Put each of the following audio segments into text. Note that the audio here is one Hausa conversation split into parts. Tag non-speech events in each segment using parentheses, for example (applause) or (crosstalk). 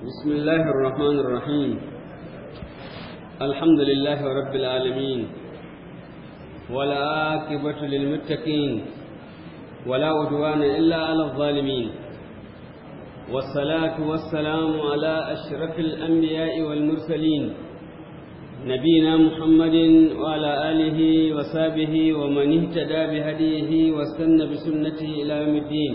بسم الله الرحمن الرحيم الحمد لله رب العالمين ولا عاقبة للمتقين ولا عدوان إلا على الظالمين والصلاة والسلام على أشرف الأنبياء والمرسلين نبينا محمد وعلى آله وصحبه ومن اهتدى بهديه واستنى بسنته إلى يوم الدين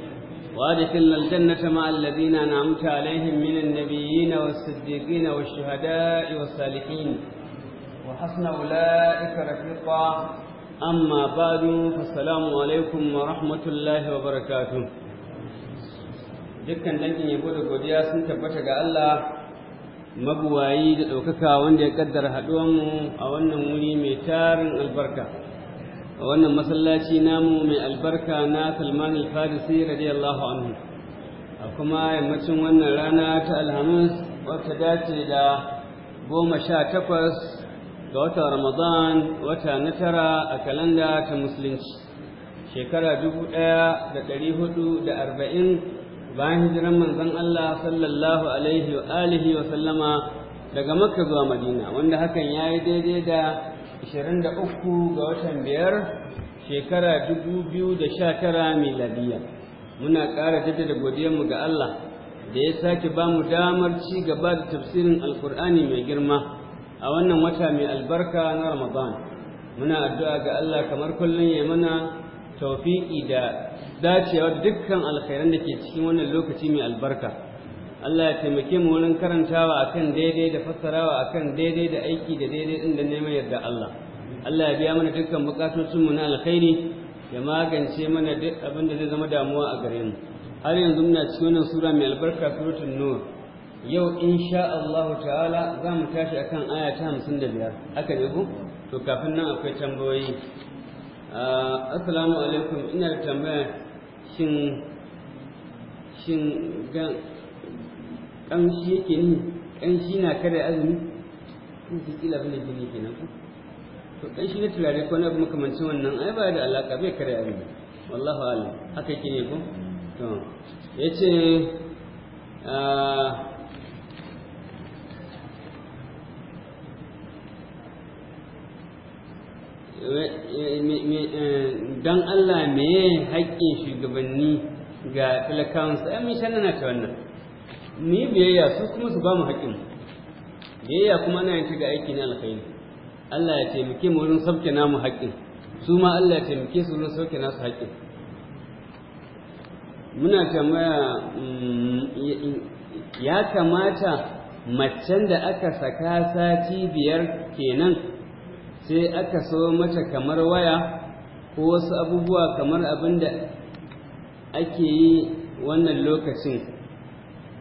وادخلنا الجنة مع الذين أنعمت عليهم من النبيين والصديقين والشهداء والصالحين وحسن أولئك رفيقا أما بعد فالسلام عليكم ورحمة الله وبركاته dukkan dangin yabo da godiya sun tabbata ga Allah mabuwayi da ɗaukaka wanda ya kaddara haɗuwanmu a wannan wuri mai tarin albarka a wannan masallaci namu mai albarka na Salman al-Farisi radiyallahu anhu a kuma yammacin wannan rana ta Alhamis wata dace da goma sha takwas ga watan Ramadan wata na tara a kalanda ta Musulunci shekara dubu ɗaya da ɗari hudu da arba'in bayan hijiran manzon Allah sallallahu alaihi wa alihi wa sallama daga Makka zuwa Madina wanda hakan ya yi daidai da 23 ga watan biyar shekara 2019 miladiya muna ƙara jaddada godiyarmu ga Allah da ya sake ba mu damar ci gaba da tafsirin alƙur'ani mai girma a wannan wata mai albarka na ramadan muna addu'a ga Allah kamar kullum ya mana taufiƙi da dacewa dukkan alkhairan da ke cikin wannan lokaci mai albarka Allah ya taimake mu wurin karantawa akan daidai da fassarawa akan daidai da aiki da daidai din da neman yarda Allah Allah ya biya mana dukkan bukatocin mu na alkhairi ya magance mana duk abin da zai zama damuwa a gare mu har yanzu muna cikin wannan sura mai albarka suratul nur yau insha Allah ta'ala za mu tashi akan aya ta 55 aka ne ku to kafin nan akwai tambayoyi ah, assalamu alaikum ina da tambaya shin shin gan shi yake ni shi na kada azumi kun ji kila bane jini kenan ku to dan shi ne tulare ko na makamancin wannan ai ba da alaka bai kare abin wallahu alim haka yake ne ko to yace eh, dan Allah me haƙƙin shugabanni ga talakawansu ai mun nan ta wannan ni biyayya su kuma su ba mu haƙƙin biyayya kuma ana yin ta ga aiki ne alkhairi Allah ya taimake mu wurin sauke namu haƙƙin su ma Allah ya taimake su wurin sauke nasu haƙƙin muna tambaya mm, ya kamata macen da aka saka sati biyar kenan sai aka so mata kamar waya ko wasu abubuwa kamar abin da ake yi wannan lokacin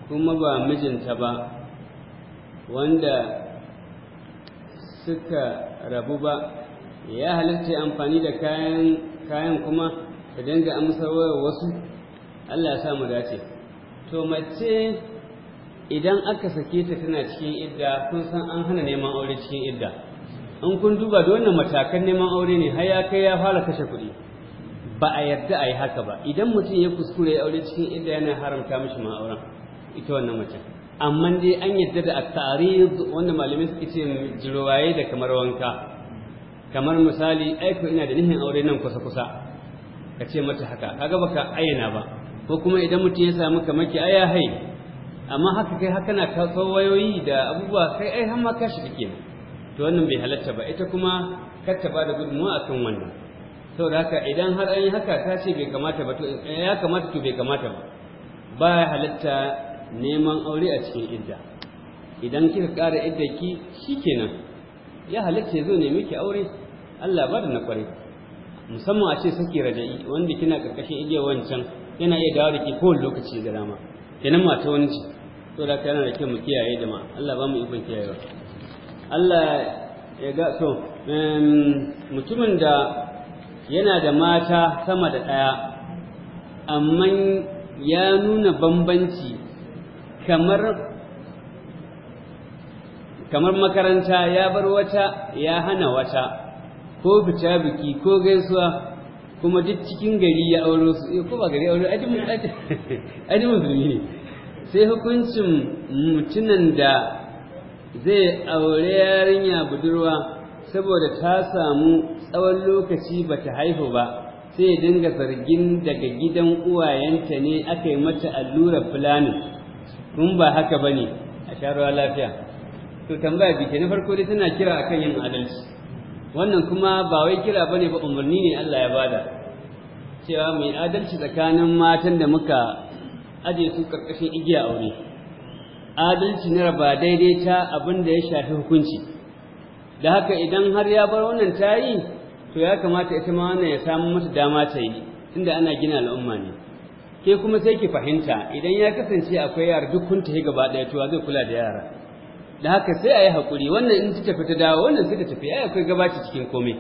kuma ba mijinta ba wanda suka rabu ba ya halitta amfani da kayan kuma kuma ta dinga amsarwa wasu Allah ya sa mu dace to mace idan aka sake ta tana cikin idda kun san an hana neman aure cikin idda in kun duba da wannan matakan neman aure ne har ya kai ya fara kashe kuɗi ba a yarda a yi haka ba idan mutum ya kuskure ya aure cikin idda yana haramta mishi ma auren ita wannan mace amma dai an yadda da a tarid wanda malamai suke ce jirwaye da kamar wanka kamar misali aiko ina da nihin aure nan kusa kusa ka ce mata haka kaga baka ayyana ba ko kuma idan mutum ya samu kamar ki aya hai amma haka kai haka na kawo wayoyi da abubuwa kai ai har ma kashi kike to wannan bai halatta ba ita kuma kar ta gudunmu a kan wannan saboda haka idan har an yi haka ta ce bai kamata ba to ya kamata to bai kamata ba ba halatta neman aure a cikin idda idan kika ƙara iddaki shikenan ya halatta zo ne miki aure Allah ba da na kware musamman a ce saki raja'i wanda kina karkashin igiyar wancan yana iya dawo da ki kowane lokaci da dama kenan mata wani to da kana da kyau mu kiyaye jama'a Allah ba mu ikon kiyayewa Allah ya ga to mutumin da yana da mata sama da ɗaya amma ya nuna bambanci kamar kamar makaranta ya bar wata ya hana wata ko fita biki ko gaisuwa kuma duk cikin gari ya auro su eh, ko ba gari auro aji musulmi ne sai hukuncin mutumin da zai aure yarinya budurwa saboda ta samu tsawon lokaci ba ta haihu ba sai dinga zargin daga gidan uwayenta ne aka yi mata allurar fulani Kun ba haka ba ne a sharuwa lafiya to tambaya bi na farko dai tana kira akan yin adalci wannan kuma ba wai kira ba ne ba umarni ne Allah ya bada cewa mai adalci tsakanin matan da muka aje su karkashin igiya aure adalci na raba daidai ta abin da ya shafi hukunci da haka idan har ya bar wannan tayi to ya kamata ita ma wannan ya samu mata dama ta yi tunda ana gina al'umma ne ke kuma sai ki fahimta idan ya kasance akwai yara duk kun tafi gaba daya to zai kula da yara da haka sai ayi yi haƙuri wannan in ta tafi ta dawo wannan suka tafi ai akwai gabaci cikin komai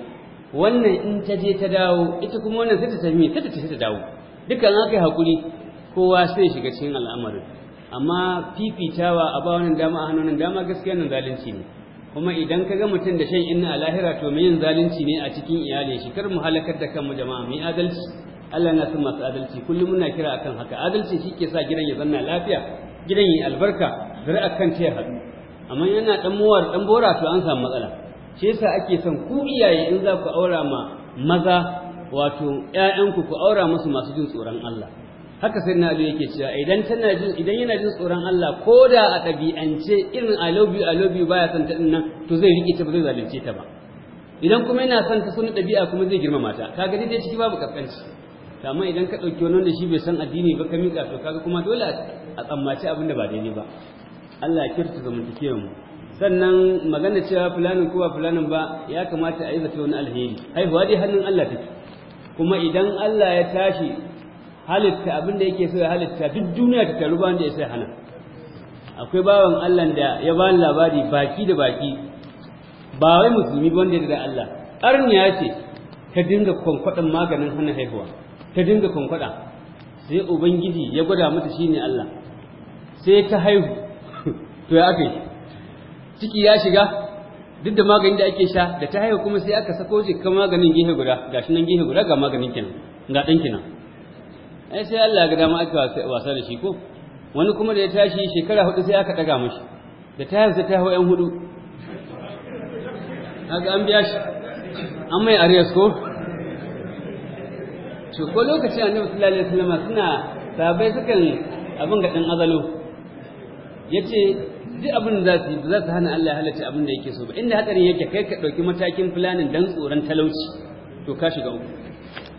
wannan in ta je ta dawo ita kuma wannan sai ta tafi sai ta tafi ta dawo dukkan aka yi haƙuri kowa sai shiga cikin al'amarin amma fifitawa a ba wannan dama a hannun dama gaskiya nan zalunci ne kuma idan ka ga mutum da shan inna a lahira to me yin zalunci ne a cikin iyali shi kar mu halakar da kanmu jama'a mu yi adalci Allah yana son masu adalci kullum muna kira akan haka adalci shi ke sa gidan ya zanna lafiya gidan ya albarka zuri'a kan ta haɗu amma yana ɗan mowar dan bora to an samu matsala shi yasa ake son ku iyaye in za ku aura ma maza wato ƴaƴanku ku aura musu masu jin tsoron Allah haka sai na Ali yake cewa idan tana jin idan yana jin tsoron Allah ko da a ɗabi'ance irin I love you I love you baya son ta din nan to zai riki ta ba zai zalunce ta ba idan kuma yana son ta sunan ɗabi'a kuma zai girmama ta kaga dai ciki babu kaskanci amma idan ka ɗauki wani wanda shi bai san addini ba ka miƙa to kaga kuma dole a tsammaci abin da ba daidai ba Allah ya kirta ga mu sannan magana cewa fulanin kowa fulanin ba ya kamata a yi zato wani alheri haihuwa dai hannun Allah take kuma idan Allah ya tashi halitta abin da yake so ya halitta duk duniya ta taru ba wanda ya sai hana akwai bawan Allah da ya ba labari baki da baki ba wai musulmi ba wanda ya da Allah ƙarni ya ce ka dinga kwankwaɗin maganin hana haihuwa ta dinga kwankwada sai ubangiji ya gwada mata shine Allah sai ta haihu (laughs) to ya aka ciki ya shiga duk da maganin da ake sha da ta haihu kuma sai aka sako shi kan maganin gihe guda gashi nan gihe guda ga maganin kina ga dan nan. ai sai Allah ga dama aka wasa da shi ko wani kuma da ya tashi shekara hudu sai aka daga mashi da ta haihu sai ta haihu yan hudu kaga an biya shi an mai ariyas ko to ko lokacin annabi sallallahu alaihi wasallam suna sabai sukan abin ga dan azalo yace duk abin da su za su hana Allah halalta abin da yake so ba inda hadarin yake kai ka dauki matakin planning dan tsoron talauci to ka shiga uku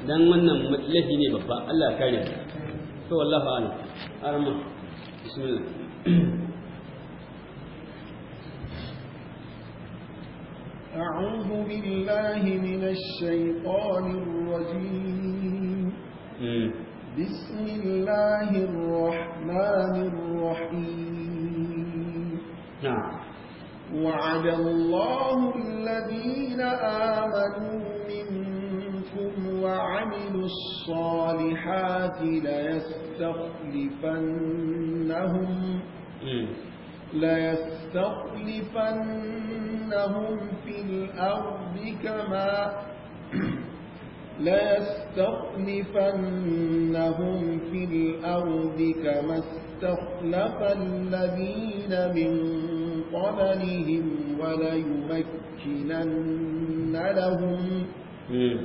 dan wannan lahi ne babba Allah ya kare to wallahi ana arma bismillah أعوذ بالله من الشيطان الرجيم بسم الله الرحمن الرحيم نعم وعد الله الذين آمنوا منكم وعملوا الصالحات ليستخلفنهم ليستخلفنهم في الأرض كما ليستخلفنهم في الأرض كما استخلف الذين من قبلهم وليمكنن لهم إيه.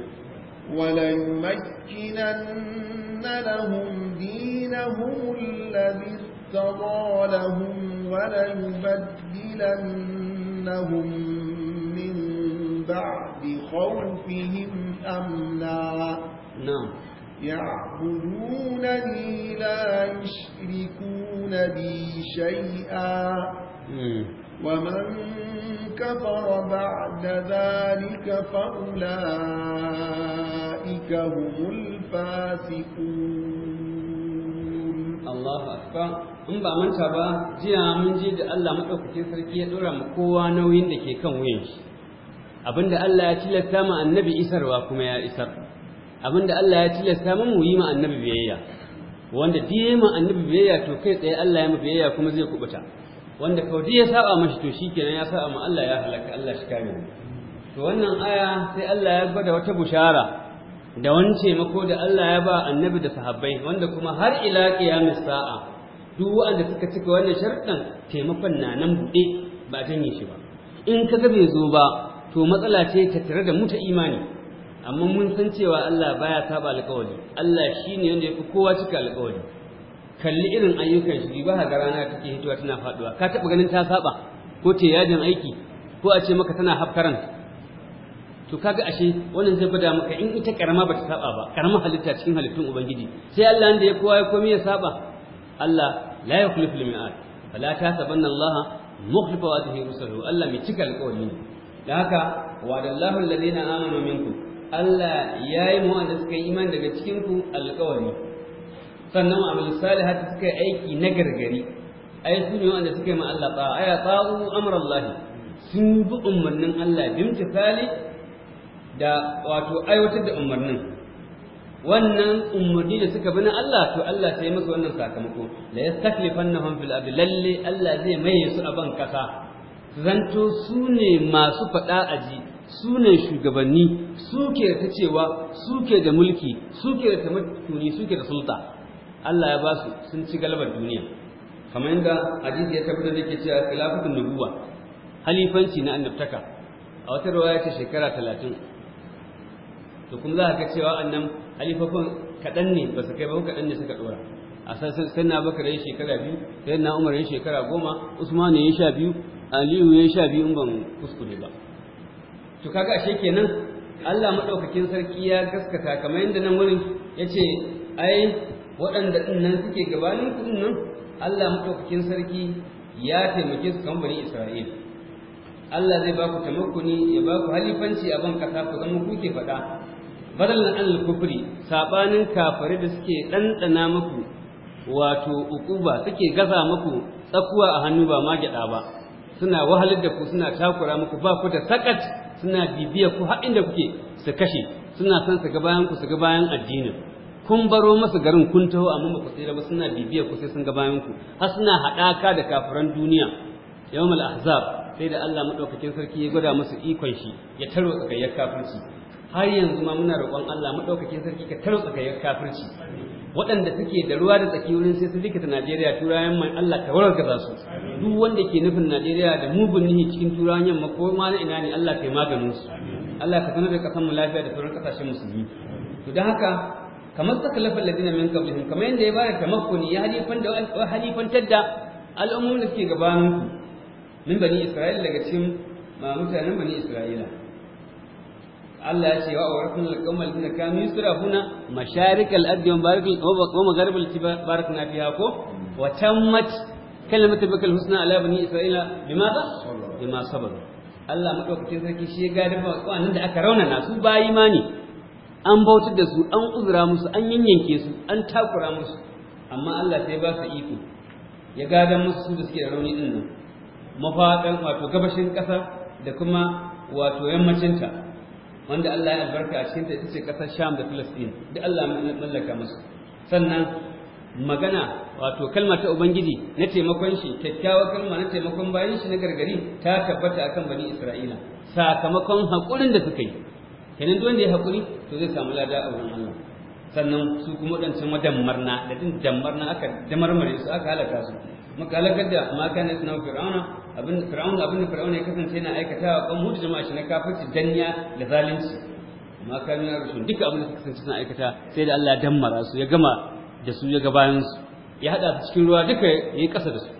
وليمكنن لهم دينهم الذي ارتضى لهم وليبدلنهم بعد خوفهم أمنا نعم يعبدونني لا يشركون بي شيئا ومن كفر بعد ذلك فأولئك هم الفاسقون الله أكبر in ba manta ba jiya mun je da Allah maɗaukakin sarki ya ɗora ma kowa nauyin da ke kan wuyan shi abinda Allah ya tilasta ma annabi isarwa kuma ya isar abinda Allah ya tilasta mu mu yi ma annabi biyayya wanda diye ma annabi biyayya to kai tsaye Allah ya mu biyayya kuma zai kubuta wanda kawai ya saba mashi to shikenan ya saba ma Allah ya halaka Allah shi kame. mu to wannan aya sai Allah ya gwada wata bushara da wani taimako da Allah ya ba annabi da sahabbai wanda kuma har ila kiyamis sa'a duk wanda suka cika wannan sharɗin taimakon na nan buɗe ba janye shi ba in kaga bai zo ba to matsala ce ta tare da mu ta imani amma mun san cewa Allah baya saba alƙawari Allah shine wanda yake kowa cika alƙawari kalli irin ayyukan shi ba ga rana take hitowa tana faduwa ka taba ganin ta saba ko te yajin aiki ko a ce maka tana hafkaran to kaga ashe wannan zai bada maka in ita karama bata saba ba karama halitta cikin halittun ubangiji sai Allah inda ya kowa ya komai ya saba Allah la yukhlifu al-mi'ad fala tasabanna Allah mukhlifa wa'dihi rusulahu Allah mai cika alƙawari ne da haka wadallahu na amanu minkum Allah yayi mu wanda suka yi iman daga cikin ku alƙawari sannan wa amal salihati suka yi aiki na gargari ai su ne wanda suka yi ma Allah ta'a ay ta'u Allah sun bi umarnin Allah bimtisali da wato aiwatar da umarnin wannan umarni da suka bi na Allah to Allah sai masa wannan sakamako la yastaklifannahum fil ardi lalle Allah zai maye su a ban kasa zanto su ne masu faɗa aji su ne shugabanni suke da ta cewa suke da mulki suke da su suke da sulta Allah ya ba su sun ci galabar duniya kamar yadda hadisi ya tabbatar da ke cewa khilafatun nubuwa halifanci na annabtaka a wata riwaya ce shekara talatin to kuma za ka cewa annan halifafin kaɗan ne ba su kai ba kaɗan ne suka ɗora a sai na bakar yin shekara biyu sai na umar yin shekara goma usmanu ya sha biyu aliyu ya sha biyu ban kuskure ba to kaga ashe kenan Allah madaukakin sarki ya gaskata kamar yadda nan wurin yace ai waɗanda din nan suke gabanin ku nan Allah madaukakin sarki ya taimake su kamar bani Isra'ila Allah zai baku tamakuni ya baku halifanci a ban kasa ku zama kuke faɗa badal an kufri saɓanin kafare da suke ɗanɗana muku wato ukuba suke gaza muku tsakuwa a hannu ba ma gyaɗa ba suna wahalar da ku suna takura muku ba ku da sakat suna bibiya ku har inda kuke su kashe suna son su ga bayan ku su ga bayan addinin kun baro masa garin kun taho amma ba ku tsira ba suna bibiya ku sai sun ga bayan ku har suna haɗaka da kafiran duniya yawmal ahzab sai da Allah madaukakin sarki ya gwada musu ikon shi ya taro tsakayyar kafirci har yanzu ma muna roƙon Allah madaukakin sarki ka taro tsakayyar kafirci waɗanda suke da ruwa da tsaki wurin sai su rikita Najeriya turayen mai Allah ta warkaza su duk wanda ke nufin Najeriya da mugun nihi cikin turawan yamma ko ma na ina ne Allah ta maganin su Allah ka sanar da kasan mu lafiya da sauran kasashen musulmi to dan haka kamar saka lafal ladina min qablihim kamar yanda ya bada tamakkuni ya halifan da halifantar da al'ummomin da suke gabanin min bani Isra'ila daga cikin mutanen bani Isra'ila Allah ya ce wa warqul qawmal ladina kanu yusrafuna masharikal ardi wa barakal wa magharibal lati barakna fi ko wa tammat kalimatu bikal husna ala bani isra'ila bima ba bima sabar Allah madaukakin sarki shi ya gadi ba wannan da aka rauna na su bayi ma ne an bautar da su an uzura musu an yanyanke su an takura musu amma Allah sai ba su iko ya gadan musu su da suke da rauni din nan mafaɗan wato gabashin ƙasa da kuma wato yammacinta wanda Allah ya albarka a cikin ta ita ce kasar Sham da Filistin da Allah ya mallaka musu sannan magana wato kalma ta ubangiji na taimakon shi kyakkyawar kalma na taimakon bayan shi na gargari ta tabbata akan bani Isra'ila sakamakon hakurin da suka yi kenan duk wanda ya hakuri to zai samu lada a wurin Allah sannan su kuma wadancan madammarna da din dammarna aka damarmare su aka halaka su muka da ma suna fir'auna abin fir'auna abin da fir'auna ya kasance yana aikatawa kan hudu jama'a shi na kafirci danya da zalunci ma kana na rashin duka abin da suka kasance suna aikata sai da Allah ya dammara su ya gama da su ya gabayan su ya hada su cikin ruwa duka ya yi kasa da su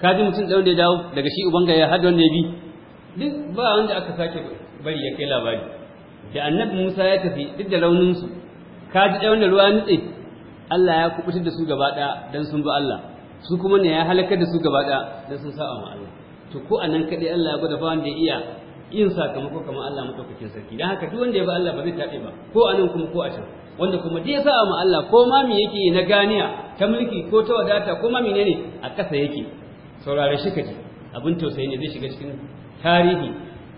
kaji mutum da wanda ya dawo daga shi ubanga ya hada wanda ya bi duk ba wanda aka sake bari ya kai labari da annabi Musa ya tafi duk da raunin su kaji da wanda ruwa nitse Allah ya kubutar da su gaba ɗaya dan sun bi Allah su kuma ne ya halakar da su gaba da da sun saba ma Allah to ko anan kaɗai Allah ya gwada fa wanda ya iya yin sakamako kamar Allah kike sarki dan haka duk wanda ya ba Allah ba zai tabe ba ko anan kuma ko a can wanda kuma dai sa ma Allah ko ma me yake na ganiya ta mulki ko ta wadata ko ma menene a kasa yake saurare shi kaje abin tausayi ne zai shiga cikin tarihi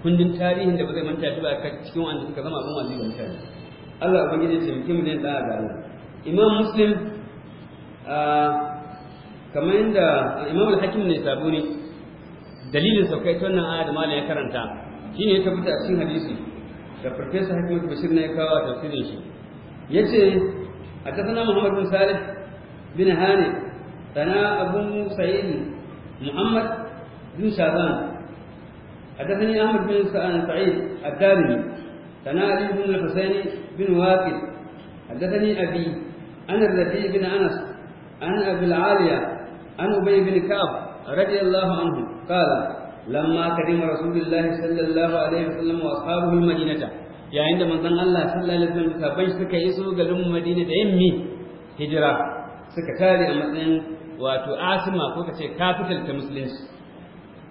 kundin tarihin da ba zai manta shi ba cikin wanda suka zama abin wazi ga mutane Allah ubangiji ya taimake mu ne da Allah Imam Muslim ah, kamar yadda imam al-hakim ne sabuni dalilin saukai ta wannan aya da malam ya karanta shine ya tabbata a cikin hadisi da farfesa hakim bashir ne ya kawo a tafsirin shi yace حدثنا محمد بن صالح بن هاني ثنا ابو سعيد محمد بن شعبان حدثني احمد بن سعيد الدارمي ثنا علي بن الحسين بن واقد حدثني ابي عن الربيع بن انس عن ابي العاليه an ubay bin ka'ab radiyallahu anhu qala lamma kadima rasulullahi sallallahu alaihi wasallam wa ashabuhu almadinata yayin da manzon Allah sallallahu alaihi wasallam sahabbai suka iso garin Madina da yammi hijira suka tare a matsayin wato asima ko kace capital ta musulunci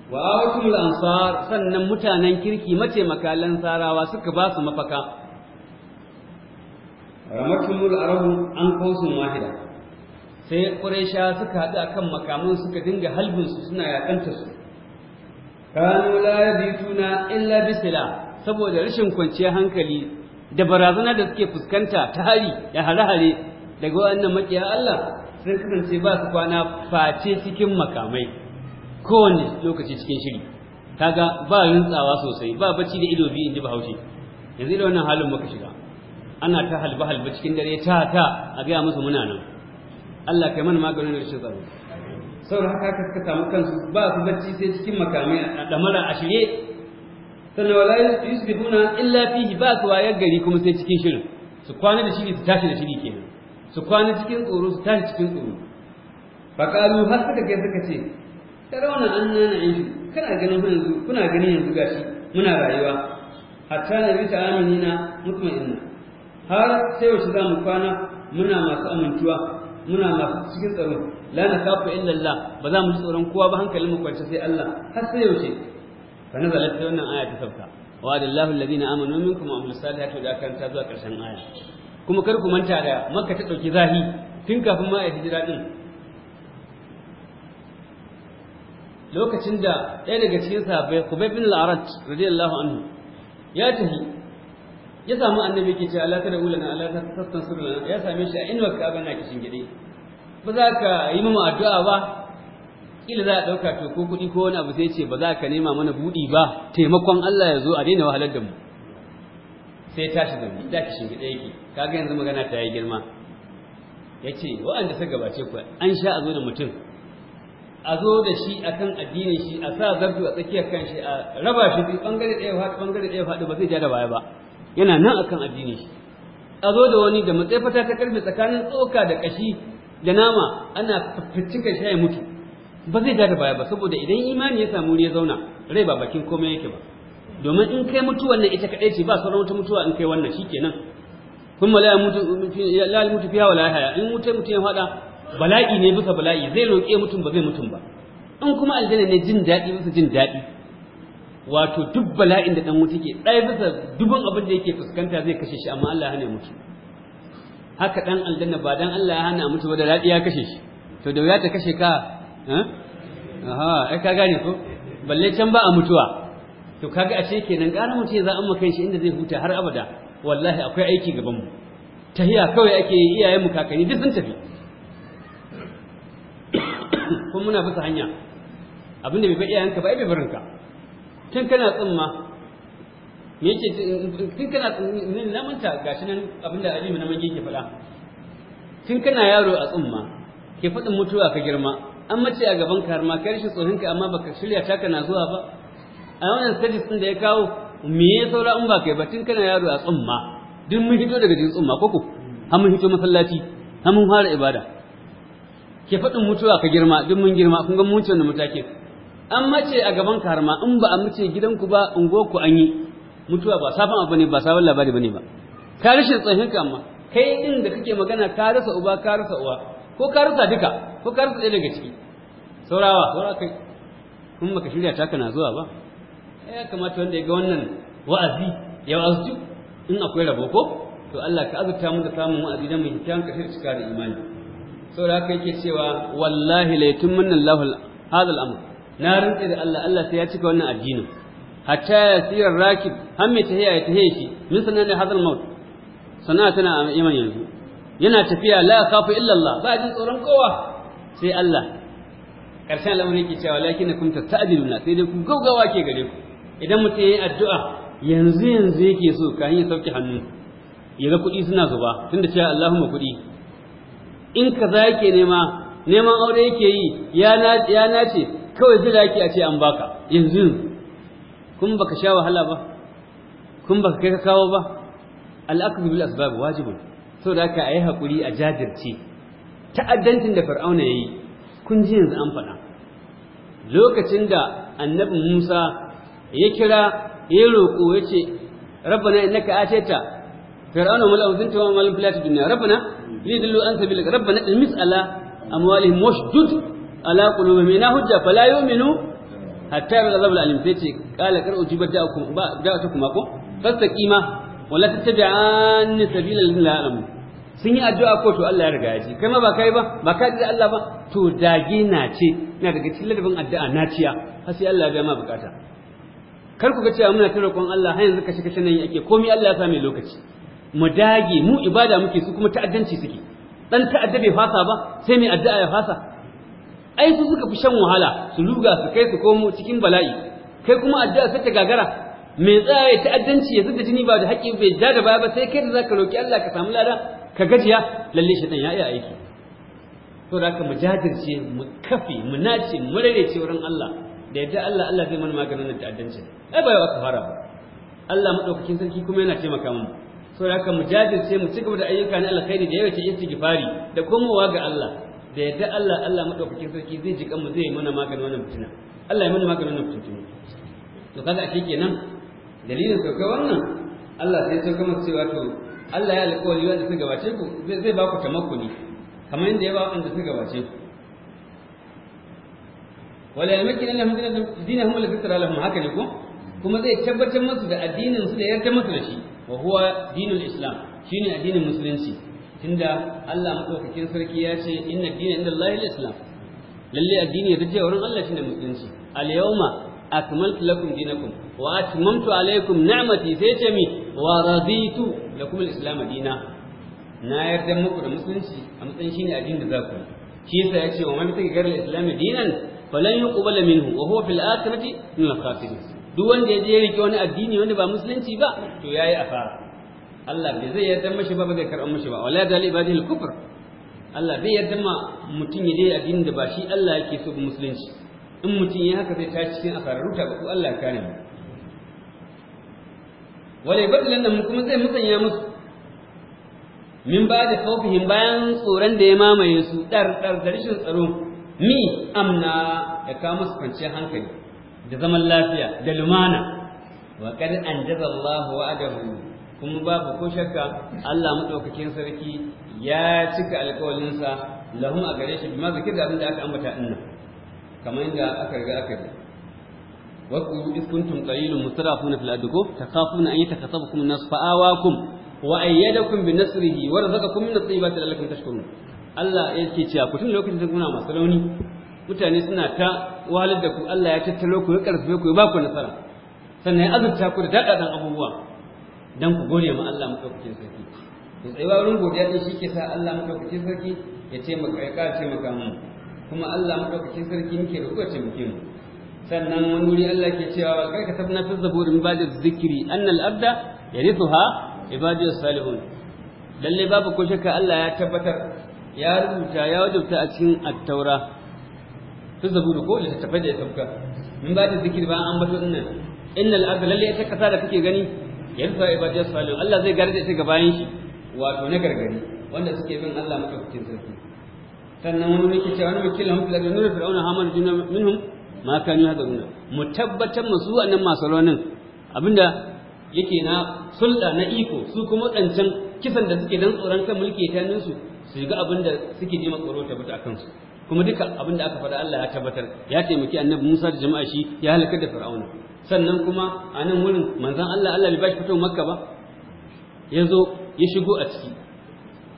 wa awatul ansar sannan mutanen kirki mataimaka lansarawa suka ba su mafaka ramatul arabu an kawsun wahida sai sha suka haɗu a kan makaman suka dinga halbin su suna yaƙanta su kanu la yabituna illa bisila saboda rashin kwanciyar hankali da barazana da suke fuskanta ta hari da hare-hare daga wannan makiya Allah sun kasance ba su kwana face cikin makamai kowane lokaci cikin shiri ta ga, ba rintsawa sosai ba bacci da ido biyu in ji bahaushe yanzu da wannan halin muka shiga ana ta halba halba cikin dare ta ta a gaya musu muna nan Allah kai mana maganin rashin tsaro saboda haka ka suka samu kansu ba su bacci sai cikin makamai a damara a shirye sannan wala yusbihuna illa fihi ba su waya gari kuma sai cikin shirin su kwana da shiri su tashi da shiri kenan su kwana cikin tsoro su tashi cikin tsoro faqalu har suka kai suka ce tarawna annana na'ishu kana ganin yanzu kuna ganin yanzu gashi muna rayuwa hatta na bita aminina mutmainna har sai wace za mu kwana muna masu amintuwa muna na cikin tsaro la nakafu illa Allah ba za mu ji tsoron kowa ba hankalin mu kwance sai Allah har sai yaushe fa nazalat sai wannan aya ta sauka wa adallahu alladhina amanu minkum wa amilus da kan ta zuwa karshen aya kuma kar ku manta da makka ta dauki zahi tun kafin ma ya hijira din lokacin da ɗaya daga cikin sahabbai Kubay bin al-Arat radiyallahu anhu ya tafi ya samu annabi ke ce Allah da ulana Allah ta tastan suruna ya same shi a inuwar Ka'aba ki kishin gide ba za ka yi mu addu'a ba kila za a dauka to ko kudi ko wani abu sai ce ba za ka nema mana budi ba taimakon Allah ya zo a daina wahalar da mu sai tashi zambi da kishin gide yake kaga yanzu magana ta yi girma yace wa'anda ta gabace ku an sha a zo da mutum a zo da shi a kan addinin shi a sa zartu a tsakiyar kan shi a raba shi bangare ɗaya faɗi bangare ɗaya faɗi ba zai ja da baya ba yana nan akan addini shi a zo da wani da matsayi fata ta karfe tsakanin tsoka da kashi da nama ana fitcika shi ya mutu ba zai da baya ba saboda idan imani ya samu ya zauna rai ba bakin komai yake ba domin in kai mutu nan ita kadai ce ba sauran wata mutuwa in kai wannan shikenan kuma la mutu la mutu fiha wala haya in mutai mutu ya fada bala'i ne bisa bala'i zai roƙe mutum ba zai mutum ba in kuma aljanna ne jin daɗi bisa jin daɗi wato duk bala'in da dan wuta ke ɗaya bisa dubun abin da yake fuskanta zai kashe shi amma Allah ya hana mutu haka dan aljanna ba dan Allah ya hana mutu ba da daɗi ya kashe shi to da wuya ta kashe ka eh? aha ai ka gane ko balle can ba a mutuwa to kaga a ce kenan ƙara mutu za an amma shi inda zai huta har abada wallahi akwai aiki gaban mu tahiya kawai ake yi iyayen mu kakanni duk sun tafi (coughs) kuma muna bisa hanya abinda bai bai iyayenka ba ai bai barinka tun kana tsumma me yake tun kana tsumma na manta gashi nan abinda Alimu na mange ke faɗa tun kana yaro a tsumma ke faɗin mutuwa ka girma an mace a gaban ka har ma ka rashin tsohinka amma baka shirya taka kana zuwa ba a wannan sadis din da ya kawo me ya saura in ba kai ba tun kana yaro a tsumma duk mun hito daga cikin tsimma koko har mun hito masallaci har mun fara ibada ke faɗin mutuwa ka girma duk mun girma kun ga mun da wannan matakin an mace a gaban ka in ba a mace gidanku ba unguwarku an yi mutuwa ba sabon abu ne ba sabon labari ba ne ba ka rashin tsohin ka amma kai din da kake magana ka rasa uba ka rasa uwa ko ka rasa duka ko ka rasa ɗaya daga ciki saurawa saura kai kun baka shirya taka na zuwa ba ya kamata wanda ya ga wannan wa'azi ya wa'azi in akwai rabo ko to Allah ka azurta mu da samun wa'azi da mu kyan kashe cika da imani saboda kai ke cewa wallahi la yatumanna Allahu hadha al-amr na rantse da Allah Allah sai ya cika wannan addinin hatta ya sirar rakib har mai tahiya ya tahiya shi min sanan da hadal maut sana'a tana iman yanzu yana tafiya la khafu illa Allah ba jin tsoron kowa sai Allah karshen al'amari yake cewa lakin kun sai dai ku gaugawa ke gare ku idan mutum yayi addu'a yanzu yanzu yake so kafin ya sauke hannu ya kuɗi suna zuba tunda cewa Allahumma kuɗi in kaza yake nema neman aure yake yi ya nace kawai zai yake a ce an baka yanzu kun baka sha wahala ba kun baka kai ka kawo ba al'akhdhu bil asbab wajibun saboda haka ayi hakuri a jajirce ta'addancin da fir'auna yayi kun ji yanzu an faɗa lokacin da annabi Musa ya kira ya roƙo ya ce rabbana innaka atayta fir'auna mal'awzinta wa mal'un fil hayatid dunya rabbana lidillu an sabilika rabbana ilmis ala amwalihim washdud ala qulubihim na hujja fala yu'minu hatta yara azab al-alim sai ce qala kar ujibat da'akum ba da'atukum ko fastaqima wa la tattabi'an sabila alladhina ya'lamu sun yi addu'a ko to Allah ya riga ya ce kai ma ba kai ba ba ka da Allah ba to dage na ce ina daga cikin ladabin addu'a na ciya har sai Allah ya ga ma bukata kar ku ga cewa muna ta roƙon Allah har yanzu kashe kashe nan yake komai Allah ya sa mai lokaci mu dage mu ibada muke su kuma ta'addanci suke dan ta'adda bai fasa ba sai mai addu'a ya fasa ai su suka fi shan wahala su ruga su kai su komo cikin bala'i kai kuma addu'a sai ta gagara me tsaya ya ta'addanci ya zuba jini ba da haƙi bai ja da baya ba sai kai da zaka roki Allah ka samu lada ka gajiya lalle shi dan ya iya aiki to da ka mu mu kafi mu nace mu ce wurin Allah da yadda Allah Allah zai mana maganin ta'addanci ai ba aka fara ba Allah madaukakin sarki kuma yana taimaka mu So da mu jajirce mu cigaba da ayyuka na alkhairi da ce istighfari da komowa ga Allah da yadda Allah Allah madaukakin sarki zai ji kanmu zai mana maganin wannan fitina Allah ya mana maganin wannan fitina to kaga a kenan dalilin sauka wannan Allah sai sauka masa cewa to Allah ya alƙawari wanda suka gabace ku zai ba ku tamakkuni kamar yadda ya ba wanda suka gabace ku wala yamkin lahum dinahum alladhi tara lahum haka ne ko kuma zai tabbatar musu da addinin su da yarda musu da shi wa huwa dinul islam shine addinin musulunci tunda Allah madaukakin sarki ya ce inna dina inda Allah islam lalle addini ya rije wurin Allah shine musulunci al yawma akmaltu lakum dinakum wa atmamtu alaykum ni'mati sai ce mi wa raditu lakum al islam dina na yarda muku da musulunci a matsayin shine addini da zaku shi yasa ya ce wa man tafi gar al islam dinan falan yuqbala minhu wa huwa fil akhirati min al khasirin duk wanda ya je ya rike wani addini wanda ba musulunci ba to yayi asara Allah bai zai yarda mashi ba ba karɓar mashi ba wala da ibadi al-kufr Allah bai yarda ma mutum ya dai abin da ba shi Allah yake so ba musulunci in mutum ya haka zai tashi cikin asararuta ba ko Allah kare mu wala ibadalan nan kuma zai musanya musu min ba da kaufihim bayan tsoron da ya mamaye su dar dar da rashin tsaro mi amna ya kawo musu kwanciyar hankali da zaman lafiya da lumana wa qad anjaza Allahu wa'adahu kuma babu ko shakka Allah madaukakin sarki ya cika alƙawalinsa lahum a gare shi bima zikir da abin da aka ambata dinnan kamar yadda aka riga aka yi wasu kuntum qalilun musrafuna fil adqu takhafuna an yatakasabakum an-nas fa'awakum wa ayyadakum bi nasrihi wa razaqakum min at-tayyibati la'allakum tashkurun Allah yake cewa ku tun lokacin da kuna masu rauni mutane suna ta wahalar da ku Allah ya tattalo ku ya karfe ku ya ba ku nasara sannan ya azurta ku da dadadan abubuwa dan ku gode ma Allah madaukakin sarki to ba wurin godiya din shike sa Allah madaukakin sarki ya ce taimaka ya ƙara taimaka mu kuma Allah madaukakin sarki muke roƙo ya taimake mu sannan wani wuri Allah ke cewa kai ka tabna fi zaburi min ba'da zikri anna al-abda yarithuha ibadiy salihun lalle babu ko shakka Allah ya tabbatar ya rubuta ya wajabta a cikin at-taura fi zaburi ko da tabbata ya tabka min ba'da zikri ba an bato dinnan innal abda lalle ita kasa da kake gani yadda ibadi salihu Allah zai garde ta gabayin shi wato na gargari wanda suke bin Allah madaukakin sarki sannan wani nake cewa wani wakil hamdu daga nuna fir'auna hamar juna minhum ma kanu yahduruna mu tabbatar mu su annan masalonin abinda yake na sulɗa na iko su kuma ɗancan kisan da suke dan tsoron kan mulki ta ninsu su ga abinda suke nema tsoro ta buta kansu kuma duka abinda aka faɗa Allah ya tabbatar ya taimaki annabi Musa da jama'a shi ya halakar da fir'auna sannan kuma a nan wurin manzan Allah Allah bai bashi fito makka ba ya zo ya shigo a ciki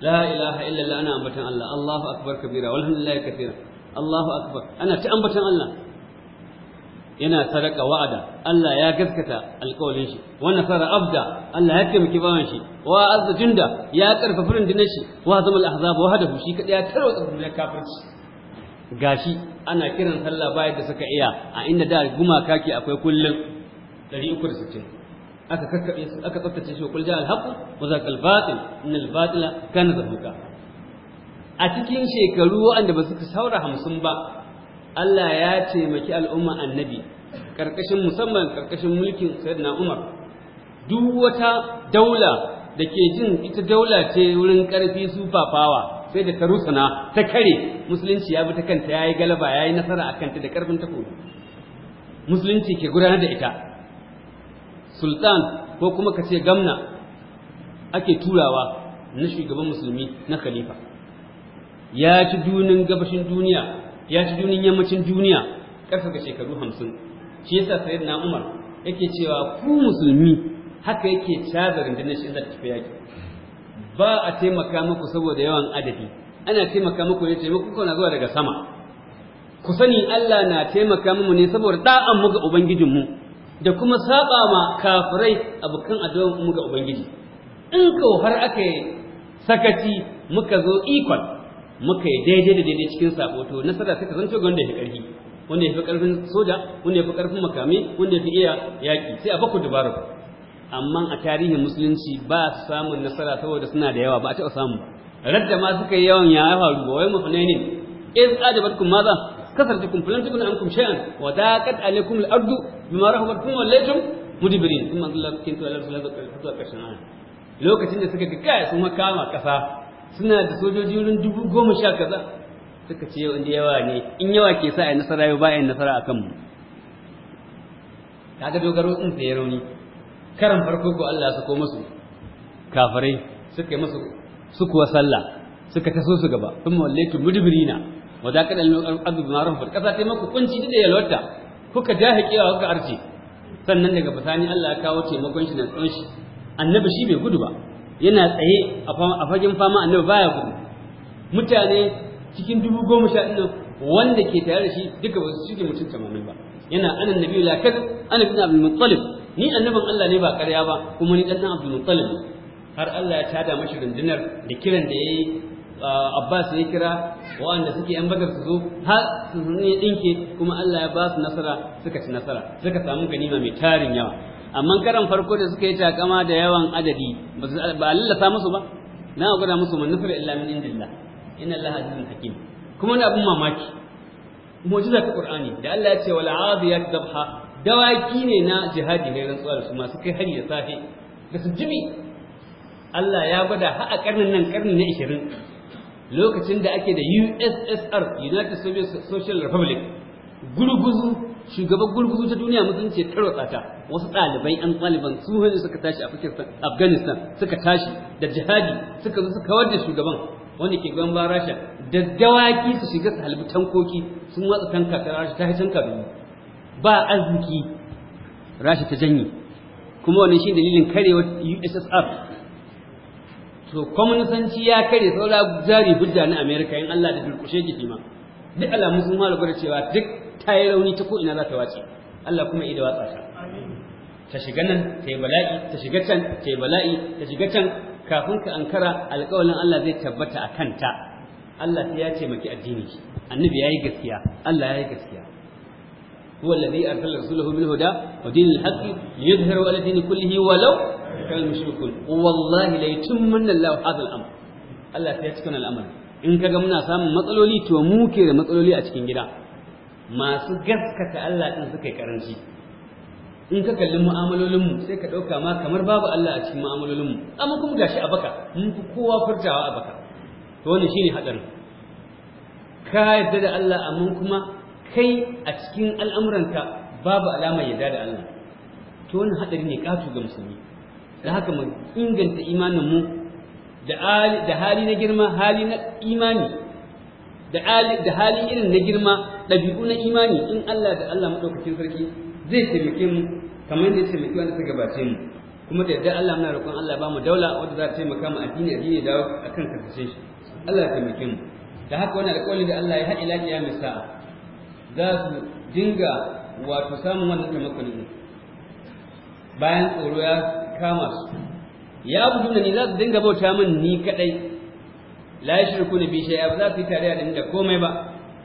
la ilaha illallah ana ambatan Allah Allahu akbar kabira walhamdulillahi kathira Allahu akbar ana ta ambatan Allah yana sadaka wa'ada Allah ya gaskata alƙawarin shi wa nasara abda Allah ya taimaki bawan shi wa azza junda ya karfafa rundunar shi wa zamal ahzab wa hadahu shi kadai ya tarwata rundunar kafirci gashi ana kiran sallah bayan da suka iya a inda da gumaka ke akwai kullum 360 aka kakkabe su aka tsaftace shi kul ja'al haqq wa zaqal batil innal batila kana zabuka a cikin shekaru waɗanda ba su saura hamsin ba Allah ya taimaki al'umma annabi karkashin musamman karkashin mulkin sayyidina Umar duk wata daula da ke jin ita daula ce wurin karfi su fafawa. sai da ta rusana ta kare musulunci ya bi ta kanta ya yi galaba ya yi nasara a kanta da karfin takobi musulunci ke gudanar da ita sultan ko kuma ka ce gamna ake turawa na shugaban musulmi na khalifa ya ci dunin gabashin duniya ya ci dunin yammacin duniya ƙasa ga shekaru hamsin shi yasa sayyidina umar yake cewa ku musulmi haka yake caza na shi tafi yaki ba a taimaka muku saboda yawan adadi ana taimaka muku ne taimako kuna zuwa daga sama ku sani Allah na taimaka mu ne saboda da'an mu ga mu, da kuma saba ma kafirai abukan addu'an mu ga ubangiji in ko har aka sakaci muka zo ikon muka yi daidai da daidai cikin sabo to nasara sai ta zanto ga wanda ya karfi wanda ya fi karfin soja wanda ya fi karfin makami wanda ya fi iya yaki sai a baku dubaru amma a tarihin musulunci ba su samun nasara saboda suna da yawa ba a taɓa samu radda ma suka yi yawan ya faru ba wai mafane ne iz ajabatkum maza kasartukum falan tukun ankum shay'an wa daqat alaykum al-ardu bima rahabat wa laytum mudibirin kuma Allah kin to Allah sallallahu alaihi wasallam kashin an lokacin da suka ga kai su makama kasa suna da sojoji wurin dubu goma sha kaza suka ce yau inda yawa ne in yawa ke sa ai nasara yau ba ai nasara akan mu kaga dogaro in sai rauni karan farko ko Allah ya sako musu kafirai suka yi musu su kuwa sallah suka taso su gaba sun mallaitu mudbirina wa da kadal ardu bima rahfat kasa ta maku kunci da yalwata kuka jahiqiya kuka arce. sannan daga fasani Allah ya kawo taimakon shi na tsawon shi annabi shi bai gudu ba yana tsaye a fagen fama annabi baya gudu mutane cikin dubu goma sha ɗin wanda ke tare da shi duka ba su cike mutum tamanin ba yana anan nabi la kadab ana bin abdul muttalib ni annabin Allah ne ba ƙarya ba kuma ni dan Abdul Muttalib har Allah ya tada mashi rundunar da kiran da yayi Abbas ya kira wa'anda suke ‘yan bagar su zo har su ne ɗinke kuma Allah ya ba su nasara suka ci nasara suka samu ganima mai tarin yawa amma karan farko da suka yi takama da yawan adadi ba lallasa musu ba na gwada musu man nufar illa min indillah inna Allah azizun hakim kuma wani abun mamaki mu'jiza ta Qur'ani da Allah ya ce wal adiyat dabha dawaki ne na jihadi ne rantsuwa da su masu kai hari da safe da su jimi Allah ya gwada har a karnin nan karni na 20 lokacin da ake da USSR United Soviet Social Republic gurguzu shugaban gurguzu ta duniya musulunci ta tsata, wasu ɗalibai an ɗaliban su hanyar suka tashi a fikir Afghanistan suka tashi da jihadi suka zo suka wadda shugaban wanda ke goyon Rasha da dawaki su shiga su halbi tankoki sun watsa tanka ta Rasha ta tanka dubu ba arziki rashi ta janyi, kuma wani shi dalilin karewa ussr to kwamunisanci ya kare saura jari hujja na amerika in allah da durkushe jiki ma duk alamu sun mara gwada cewa duk ta yi rauni ta ko'ina za ta wace allah kuma ida watsa ta ta shiga nan ta yi bala'i ta shiga can ta yi bala'i ta shiga can kafin ka ankara alƙawalin allah zai tabbata a kanta allah sai ya ce maki addini annabi ya yi gaskiya allah ya yi gaskiya هو الذي أرسل رسوله بالهدى ودين الحق ليظهره على الدين كله ولو كان المشركون والله ليتمن الله هذا الأمر الله سيتكن الأمر in kaga muna samun matsaloli to mu ke matsaloli a cikin gida masu gaskata Allah din suka yi karanci in ka kalli mu'amalolinmu sai ka ɗauka ma kamar babu Allah a cikin mu'amalolinmu amma kuma gashi a baka kowa furtawa a baka to ka yarda da Allah amma kuma kai a cikin al'amuranka babu alama ya da Allah to wani haɗari ne ƙatu ga musulmi da haka mu inganta imaninmu, da hali na girma hali na imani da hali irin na girma ɗabi'u na imani in Allah da Allah maɗaukacin sarki zai taimake mu kamar da ya taimaki wanda ta gabace mu kuma da yadda Allah muna roƙon Allah ba mu daula wanda za ta taimaka mu addini addini dawo akan kasashe shi Allah ya taimake mu da haka wannan alƙawari da Allah ya haɗi lafiya mai sa'a za su dinga wato samun wannan taimakon bayan tsoro ya kama su ya abu ni za su dinga bauta min ni kadai la yashriku ni bi shay'a ba za su yi tarayya da ni da komai ba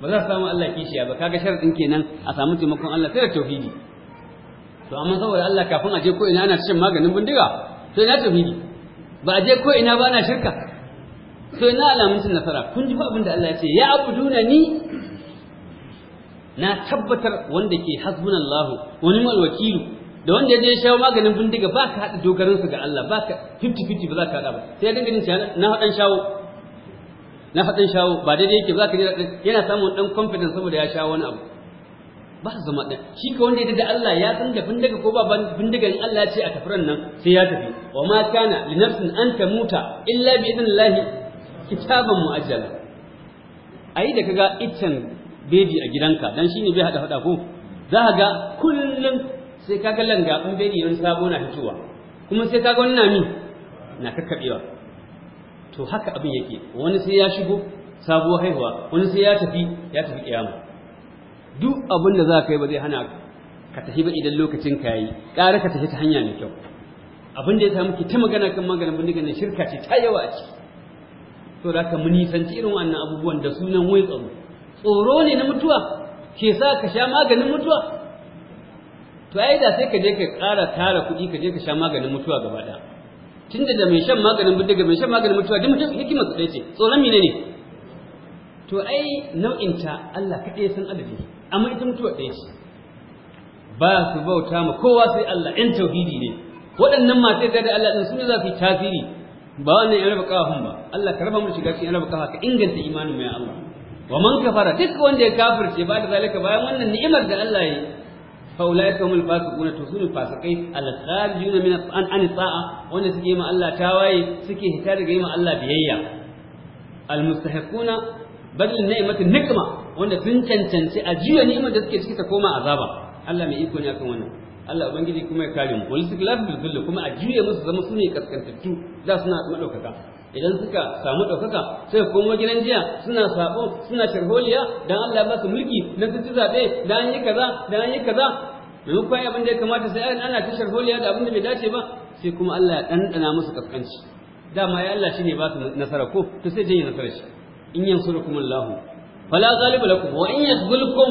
ba za su samu Allah kishiya ba kaga sharadin kenan a samu taimakon Allah sai da tauhidi to amma saboda Allah kafin a je ko ina ana cin maganin bindiga sai na tauhidi ba a je ko ina ba ana shirka to ina alamun nasara kun ji ba abin da Allah ya ce ya abuduna ni na tabbatar wanda ke hasbunallahu wani mal da wanda ya shawo maganin bindiga ba ka haɗa dogaransu ga Allah ba ka 50-50 ba za ka haɗa ba sai ya dinga jin na haɗan shawo na haɗan shawo ba daidai yake za ka ji yana samun ɗan confidence saboda ya shawo wani abu ba su zama ɗan shi ka wanda ya da Allah ya san da bindiga ko ba bindigan Allah ce a tafiran nan sai ya tafi wa ma kana li nafsin an muta illa bi idnillahi kitaban mu'ajjala ayi da kaga iccen bedi a gidanka dan shine bai hada hada ko za ka ga kullum sai ka ga langabin bedi wani sabo na fitowa kuma sai ka ga wani nami na kakkabewa to haka abin yake wani sai ya shigo sabuwar haihuwa wani sai ya tafi ya tafi kiyama duk abin da za ka yi ba zai hana ka tafi ba idan lokacin ka yi ƙara ka tafi ta hanya mai kyau abin da ya samu ki ta magana kan maganin bindiga na shirka ce ta yawa a ciki to da ka mu nisanci irin wannan abubuwan da sunan wai tsaro tsoro ne na mutuwa ke sa ka sha maganin mutuwa to ai da sai ka je ka ƙara tara kuɗi ka je ka sha maganin mutuwa gaba ɗaya tun da mai shan maganin bindiga mai shan maganin mutuwa duk mutum hikimar su ɗaya ce tsoron mine ne to ai nau'in ta Allah kaɗai san adadi amma ita mutuwa ɗaya ce ba su bauta ma kowa sai Allah ɗan tauhidi ne waɗannan masu yadda da Allah ɗin su ne za su yi tasiri ba wannan yan raba kawafin ba Allah ka raba mu shiga cikin yan raba kawafa ka inganta imanin mai Allah wa man kafara duk wanda ya kafirce ba da zalika bayan wannan ni'imar da Allah ya yi fa ulaika humul fasiqun to sunu fasiqai al kharijuna min an an sa'a wanda suke yi ma Allah tawaye suke hita daga yi Allah biyayya al mustahiquna badal ni'matin nikma wanda sun cancanci a jiya ni'imar da suke ciki ta koma azaba Allah mai iko ne akan wannan Allah ubangiji kuma ya kare mu wal istiklal bil kuma a juye musu zama sune kaskantattu za su na madaukaka idan suka samu ɗaukaka sai komo gidan jiya suna sabo suna sharholiya dan Allah ba su mulki na su ci zaɓe da an yi kaza da an yi kaza domin kwaye abin da ya kamata sai ana ta sharholiya da abin da bai dace ba sai kuma Allah ya ɗanɗana musu ƙasƙanci. dama ya Allah shi ne ba su nasara ko to sai jin nasarar shi in yansurukum Allah fala ghaliba lakum wa in yakhzulkum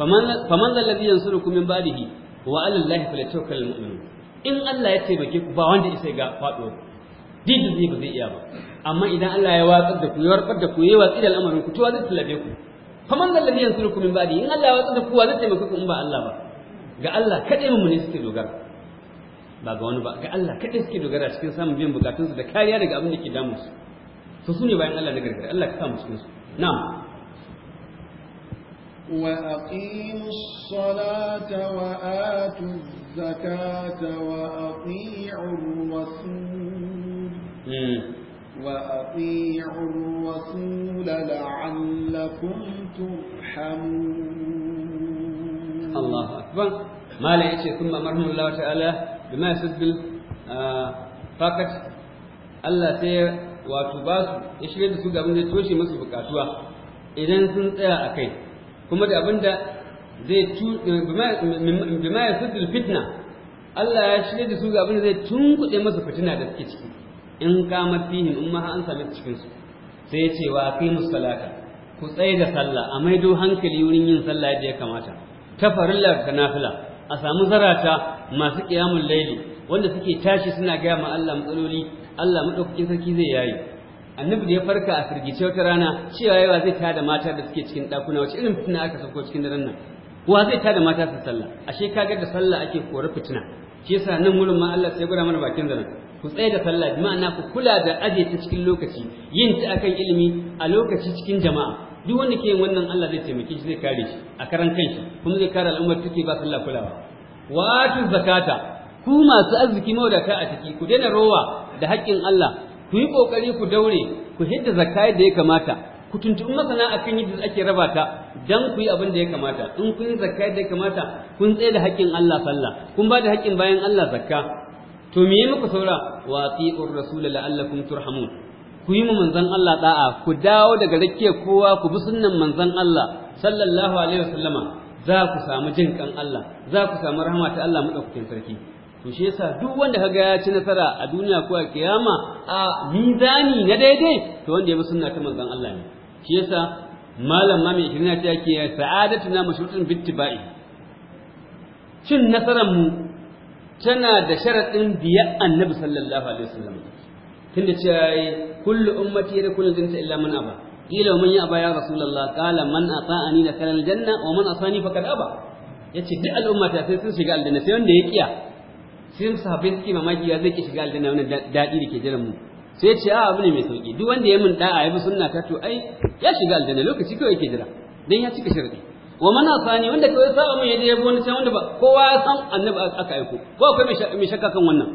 faman faman alladhi yansurukum min ba'dihi wa 'ala Allah falyatawakkalul mu'minun in Allah ya taimake ku ba wanda isa ga faɗo duk da zai ba zai iya ba amma idan Allah ya watsar da ku ya warkar da ku ya watsi da al'amarin ku to zai tallabe ku man zal ladhi yansurukum min ba'di in Allah ya watsar da ku zai taimaka ku in ba Allah ba ga Allah kadai mu ne suke dogara ba ga wani ba ga Allah kadai suke dogara cikin samun biyan bukatunsu da kariya daga abin da ke damu su to su ne bayan Allah na gargara Allah ka sa mu cikin su na'am wa aqimus salata wa atuz zakata wa ati'ur rasul وأطيعوا الرسول لعلكم ترحمون الله أكبر ما لا يشي ثم أمرهم الله تعالى بما يسد فقط Allah sai wato ba su ya shirya da su da toshe masu bukatuwa idan sun tsaya a kai kuma da da zai bima ya fitna Allah ya shirya da su ga abin da zai tunkuɗe masu fitina da suke ciki in kamar fihin in ma an sami cikin su sai ya ce wa kai musalaka ku tsaye da sallah a maido hankali wurin yin sallah yadda ya kamata ta farilla da nafila a samu zarata masu kiyamun laili wanda suke tashi suna gaya ma Allah matsaloli Allah madaukakin sarki zai yayi annabi da ya farka a firgice wata rana cewa yawa zai da mata da suke cikin dakuna wace irin fitina aka sauko cikin daren nan kowa zai da mata su sallah ashe kaga da sallah ake kore fitina shi yasa nan wurin ma Allah sai ya gura mana bakin zanen ku tsaye da sallah bi ma'ana ku kula da aje ta cikin lokaci yin ta akan ilimi a lokaci cikin jama'a duk wanda ke yin wannan Allah zai taimake shi zai kare shi a karan kanshi kuma zai kare al'ummar take ba sallah kulawa watu zakata ku masu arziki mawadata a ciki ku daina rowa da haƙƙin Allah ku yi kokari ku daure ku hidda zakai da ya kamata ku tuntuɓi masana akan yadda ake raba ta dan ku yi abin da ya kamata in kun yi zakka yadda ya kamata kun tsaye da haƙƙin Allah sallah kun ba da haƙƙin bayan Allah zakka to me muku saura wa atiur rasul la'allakum turhamun ku yi mu manzon Allah da'a ku dawo daga rakiya kowa ku bi sunnan manzan Allah sallallahu alaihi wasallama za ku samu jin kan Allah za ku samu rahama ta Allah madaukakin sarki to shi yasa duk wanda kaga ya ci nasara a duniya ko a kiyama a mizani na daidai to wanda ya bi sunna ta manzon Allah ne shi yasa malam ma mai kirina ta yake sa'adatuna mashrutun bittiba'i cin nasaran mu tana da sharaɗin biya annabi sallallahu alaihi wasallam tunda cewa kullu ummati kullu zinta illa man aba qila man ya aba ya rasulullah qala man ata'ani na kalal janna wa man asani faqad aba yace duk al'umma ta sai sun shiga aljanna sai wanda ya kiya sai sahabbai suke mamaki ya zai shiga aljanna wannan dadi da ke jiran mu sai ce a abu ne mai sauki duk wanda ya min da'a ya bi sunna ta to ai ya shiga aljanna lokaci kawai yake jira dan ya cika sharadi wa mana sani wanda kawai sa mun yaje yabo wani sai wanda ba kowa ya san annabi aka aiko ko akwai mai shakka kan wannan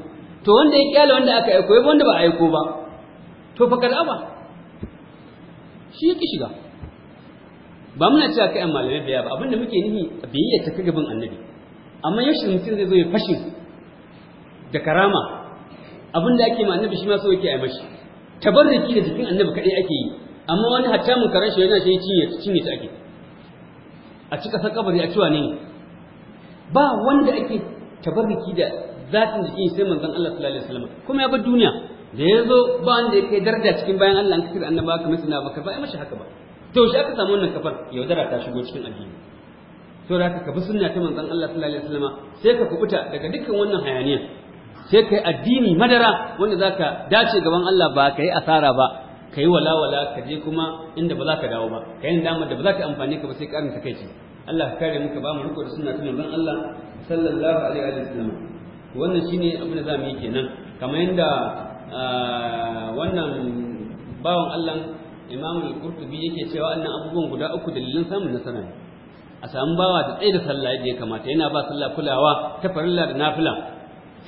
to wanda ya kyale wanda aka aiko yabo wanda ba aiko ba to fa kalaba shi yake shiga ba muna cewa kai malamai da ba abinda muke nihi biyayya ta kaga bin annabi amma yaushe mutum zai zo ya fashin da karama abinda ake ma annabi shi ma so yake ai mashi tabarriki da jikin annabi kadai ake yi amma wani hatta mun karan shi yana shi cinye cinye ta ake a cika san kabari a cewa ne ba wanda ake tabarriki da zatin jikin sai manzon Allah sallallahu alaihi wasallam kuma ya bar duniya da ya zo ba wanda ya kai daraja cikin bayan Allah an kafir annaba kamar suna baka ba ai mashi haka ba to shi aka samu wannan kafar yaudara ta shigo cikin addini to da ka bi sunna ta manzon Allah sallallahu alaihi wasallam sai ka kubuta daga dukkan wannan hayaniya sai kai addini madara wanda zaka dace gaban Allah ba kai asara ba ka yi walawala ka je kuma inda ba za ka dawo ba ka yi damar da ba za ka amfani ka ba sai karin takaici Allah ka kare muka ba mu riko da suna ta manzon Allah sallallahu alaihi wa sallam wannan shine abin da zamu yi kenan kamar yadda ah, wannan bawan Allah Imam Al-Qurtubi yake cewa annan abubuwan guda uku dalilin samun nasara ne a samu bawa da tsaye da sallah yadda ya kamata yana ba sallah kulawa ta farilla da nafila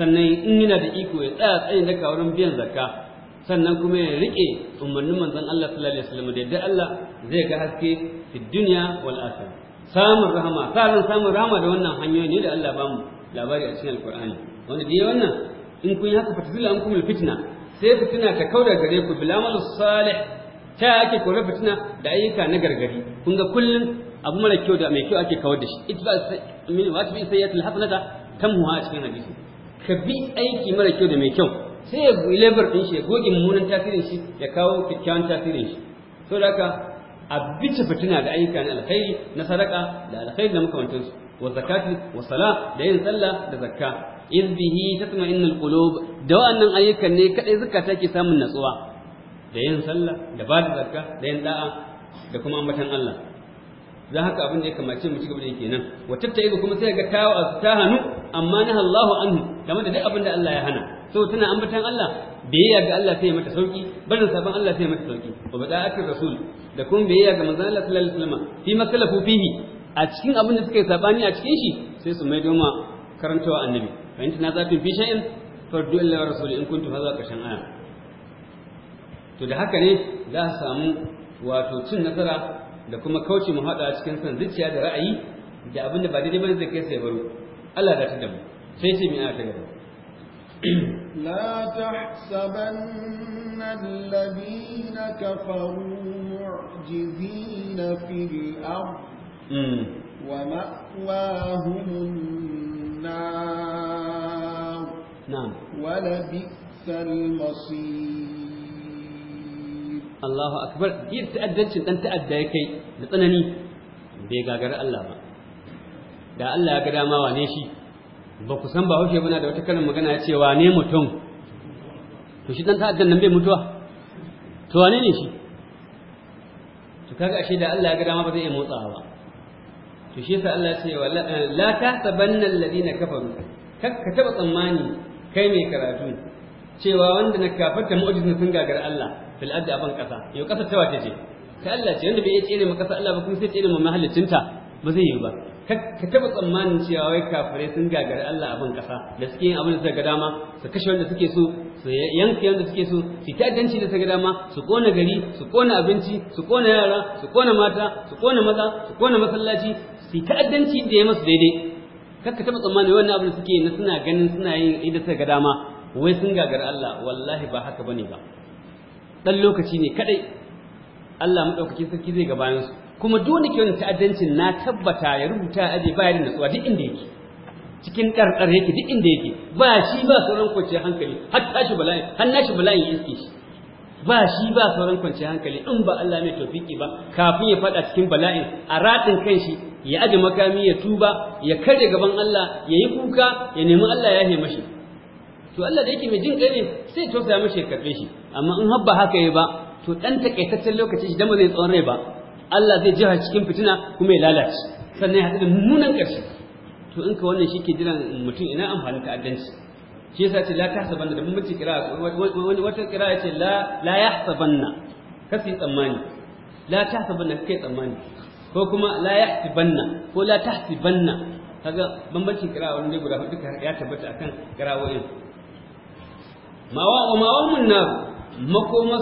sannan in yana da iko ya tsaya tsayin daga wurin biyan zakka sannan kuma ya rike umarnin manzon Allah sallallahu alaihi wasallam da yadda Allah zai ga haske fi dunya wal akhirah samun rahama tsarin samun rahama da wannan hanyoyi ne da Allah ba mu labari a cikin alkur'ani wanda dai wannan in kun yi haka fatizila an kuma fitina sai fitina ta kauda gare ku bilamal salih ta ake kore fitina da ayyuka na gargari kun ga kullun abu mara kyau da mai kyau ake kawar da shi itba min wa sayyatul hasanata tamhuha a cikin hadisi ka bi aiki mara kyau da mai kyau sai ya bu lebar ɗin shi ya goge mummunan tasirin shi ya kawo kyakkyawan tasirin shi so da haka a bice fitina da ayyuka na alkhairi na sadaka da alkhairi da su. wa zakati wa sala da yin sallah da zakka iz bihi tatma'innul qulub da wa'annan ayyukan ne kadai zakata ke samun natsuwa da yin sallah da ba da zakka da yin da'a da kuma ambatan Allah dan haka abin da ya kamace mu ci gaba da yake nan wa tattaizu kuma sai ga tawa ta hannu amma nahallahu anhu game da duk abin da Allah ya hana so tana ambatan Allah biyayya ga Allah sai mata sauki barin sabon Allah sai mata sauki wa aka rasul da kun biyayya ga manzon Allah sallallahu alaihi wasallam fi makalafu fihi a cikin abin da suka yi sabani a cikin shi sai su mai doma karantawa annabi fa na zafin fi shay'in fardu illa rasul in kuntum hadha kashan aya to da haka ne za a samu wato cin nasara da kuma kauce mu hada cikin san zuciya da ra'ayi da abin da ba daidai bane zai kai sai baro Allah da ta mu sai ce mi ta gaba لا تحسبن الذين كفروا معجزين في الأرض ومأواهم النار نعم ولبئس المصير الله أكبر دير تأدت أن تأدى كي لطنني بيقى قرأ الله da Allah ya ga dama wane shi ba ku san ba haushe muna da wata kalin magana ya ce wane mutum to shi dan ta'addan nan bai mutuwa to wane ne shi to kaga ashe da Allah ya ga dama ba zai iya motsawa ba to shi yasa Allah ya ce la sabanna alladina kafaru kar ka taba tsammani kai mai karatu cewa wanda na kafarta mu'jizin sun gagar Allah fil ardi aban kasa yau kasa ta wace ce ta Allah ce wanda bai iya tsere ma kasa Allah ba kuma sai tsere mu mahallicinta ba zai yi ba ka taba tsammanin cewa wai kafirai sun gagari Allah abin kasa da suke yin abin da suka ga dama su kashe wanda suke so su yanka wanda suke so su ta'addanci da suka ga dama su kona gari su kona abinci su kona yara su kona mata su kona maza su kona masallaci su ta'addanci da ya masu daidai kar ka taba tsammanin wani abin da suke na suna ganin suna yin idan suka ga dama wai sun gagari Allah wallahi ba haka bane ba dan lokaci ne kadai Allah madaukakin sarki zai ga su kuma duk ke wani ta'addancin na tabbata ya rubuta aje ba da natsuwa duk inda yake cikin ɗarɗar yake duk inda yake ba shi ba sauran kwanciyar hankali har shi bala'i har nashi bala'i ya shi ba shi ba sauran kwanciyar hankali in ba Allah mai tofiki ba kafin ya faɗa cikin bala'in a raɗin kanshi ya aje makami ya tuba ya karya gaban Allah ya yi kuka ya nemi Allah ya he mashi to Allah da yake mai jin ne sai tosa mashi ya karɓe shi amma in habba haka yi ba to ɗan takaitaccen lokaci shi ba zai tsawon rai ba Allah zai jiha cikin fitina kuma ya lalace sannan ya haɗu da mummunan ƙarshe to in ka wannan shi ke jiran mutum ina amfanin addanci shi yasa ce la tahsabanna da mummunci kira wata kira ya ce la la yahsabanna kasi tsammani la tahsabanna kai tsammani ko kuma la yahsabanna ko la tahsibanna kaga bambancin kira wani dai guda duka ya tabbata akan kirawoyin mawa wa mun na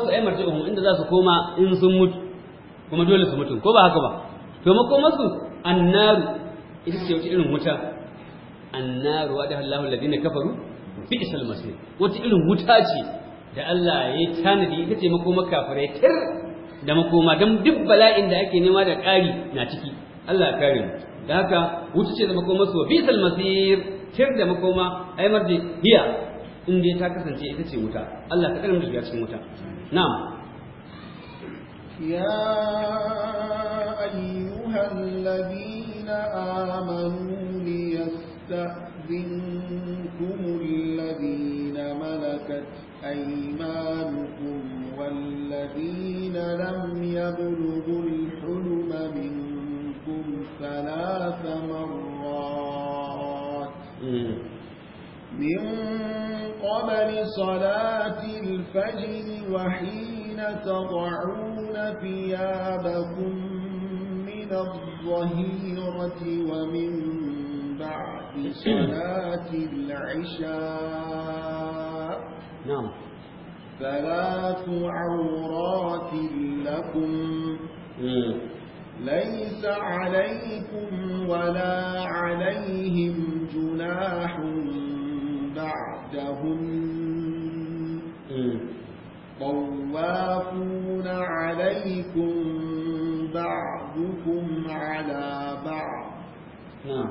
su ai martabahum inda za su koma in sun mutu kuma dole su mutu ko ba haka ba to masu annaru ita ce wata irin wuta annaru wa da Allahu alladhina kafaru fi isal masir wata irin wuta ce da Allah ya tanadi ita ce mako kafirai tir da makoma dan duk bala'in da ake nema da ƙari na ciki Allah ya kare mu da haka wuta ce da mako su fi isal masir tir da makoma ai marje hiya in dai ta kasance ita ce wuta Allah ka karanta da cikin wuta na'am يا أيها الذين آمنوا ليستأذنكم الذين ملكت أيمانكم والذين لم يبلغوا الحلم منكم ثلاث مرات من قبل صلاة الفجر وحين تضعون ثيابكم من الظهيرة ومن بعد صلاة العشاء نعم ثلاث عورات لكم ليس عليكم ولا عليهم جناح بعدهم طوافون عليكم بعضكم على بعض نعم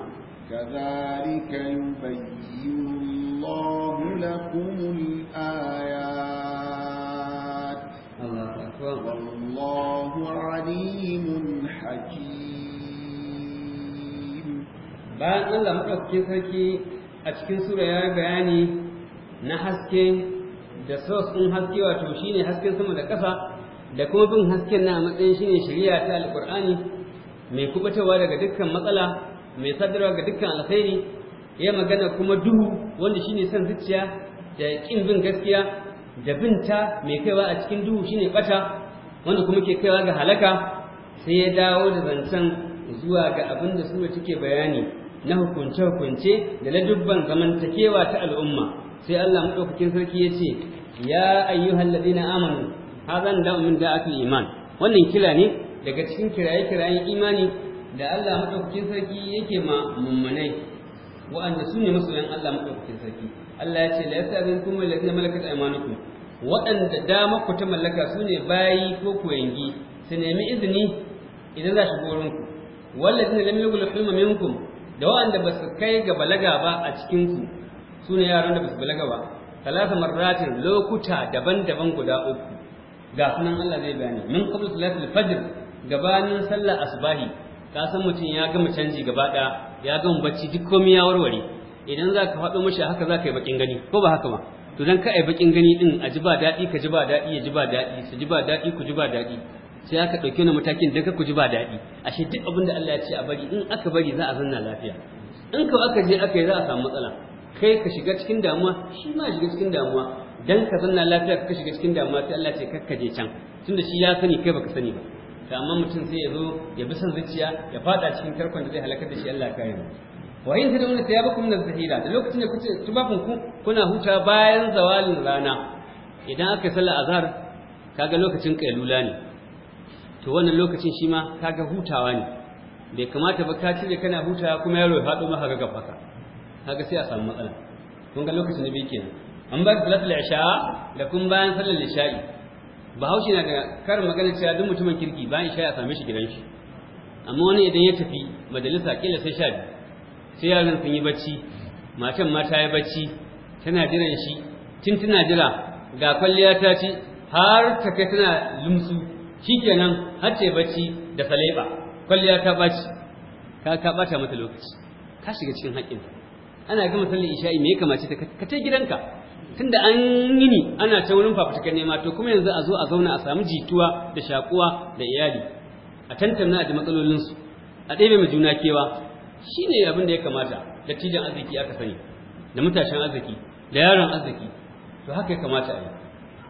كذلك يبين الله لكم الآيات الله أكبر والله عليم حكيم bayan Allah maɗaukakin sarki a cikin sura ya bayani na haske da sos ɗin haske wato shine hasken sama da ƙasa da kuma bin hasken na matsayin shine shari'a ta alƙur'ani mai kubatarwa daga dukkan matsala mai sadarwa ga dukkan alkhairi ya magana kuma duhu wanda shine son zuciya da ƙin bin gaskiya da binta mai kaiwa a cikin duhu shine bata wanda kuma ke kaiwa ga halaka sai ya dawo da zancen zuwa ga abin da sura bayani na hukunce-hukunce da ladubban zamantakewa ta al'umma sai Allah madaukakin sarki ya ce ya ayyuhal ladina amanu hazan da min aka iman wannan kila ne daga cikin kiraye kirayen imani da Allah madaukakin sarki yake ma mummunai wa'anda sune masoyan Allah madaukakin sarki Allah ya ce la yasabikum alladina malakat aymanukum waɗanda da ku ta mallaka su ne bayi ko kuyangi su nemi izini idan za shi gorinku wallazina lam yaghlu hulma minkum da waɗanda ba su kai ga balaga ba a cikinku su ne yaran da basu su balaga ba talata marratin lokuta daban-daban guda uku ga sunan Allah zai bayani min qabl al fajr gabanin sallar asbahi ka san mutum ya gama canji gaba ɗaya ya gama bacci duk komai ya warware idan za ka faɗo mashi haka za ka yi bakin gani ko ba haka ba to dan ka yi bakin gani din a ji ba daɗi ka ji ba daɗi ya ji ba daɗi su ji ba daɗi ku ji ba daɗi sai aka ɗauke ni matakin dan ka ku ji ba daɗi ashe duk abin da Allah ya ce a bari in aka bari za a zanna lafiya in ka aka je aka yi za a samu matsala kai ka shiga cikin damuwa shi ma shiga cikin damuwa dan ka zanna lafiya ka shiga cikin damuwa sai Allah ce kakka je can tunda shi ya sani kai baka sani ba to amma mutum sai ya zo ya bi san zuciya ya fada cikin tarkon da zai halaka da shi Allah ka yi wa in tadun thiyabakum min az-zahira da lokacin da kuce tubafin ku kuna huta bayan zawalin rana idan aka sallar azhar kaga lokacin kailula ne to wannan lokacin shi ma kaga hutawa ne bai kamata ba ka cire kana hutawa kuma yaro ya faɗo maka gaba ka haka sai a samu matsala kun ga lokacin bi kenan an ba salatul isha da kun bayan sallar isha'i bahaushe na da karin magana cewa duk mutumin kirki bayan isha ya same shi gidan shi amma wani idan ya tafi majalisa kila sai sha biyu sai yaran sun yi bacci matan mata ya yi bacci tana jiran shi tun tana jira ga kwalliya ta ci har ta kai tana lumsu shikenan har ta yi bacci da salaiba kwalliya ta baci ka ka bata mata lokaci ka shiga cikin haƙƙinta ana gama sallar isha'i me ya kamace ta ka ce gidanka tunda an ni ana ta wurin fafutukar nema to kuma yanzu a zo a zauna a samu jituwa da shakuwa da iyali a tantamna da ji matsalolinsu a ɗebe ma juna kewa shine abin da ya kamata da tijan arziki aka sani da mutashen arziki da yaron arziki to haka ya kamata a yi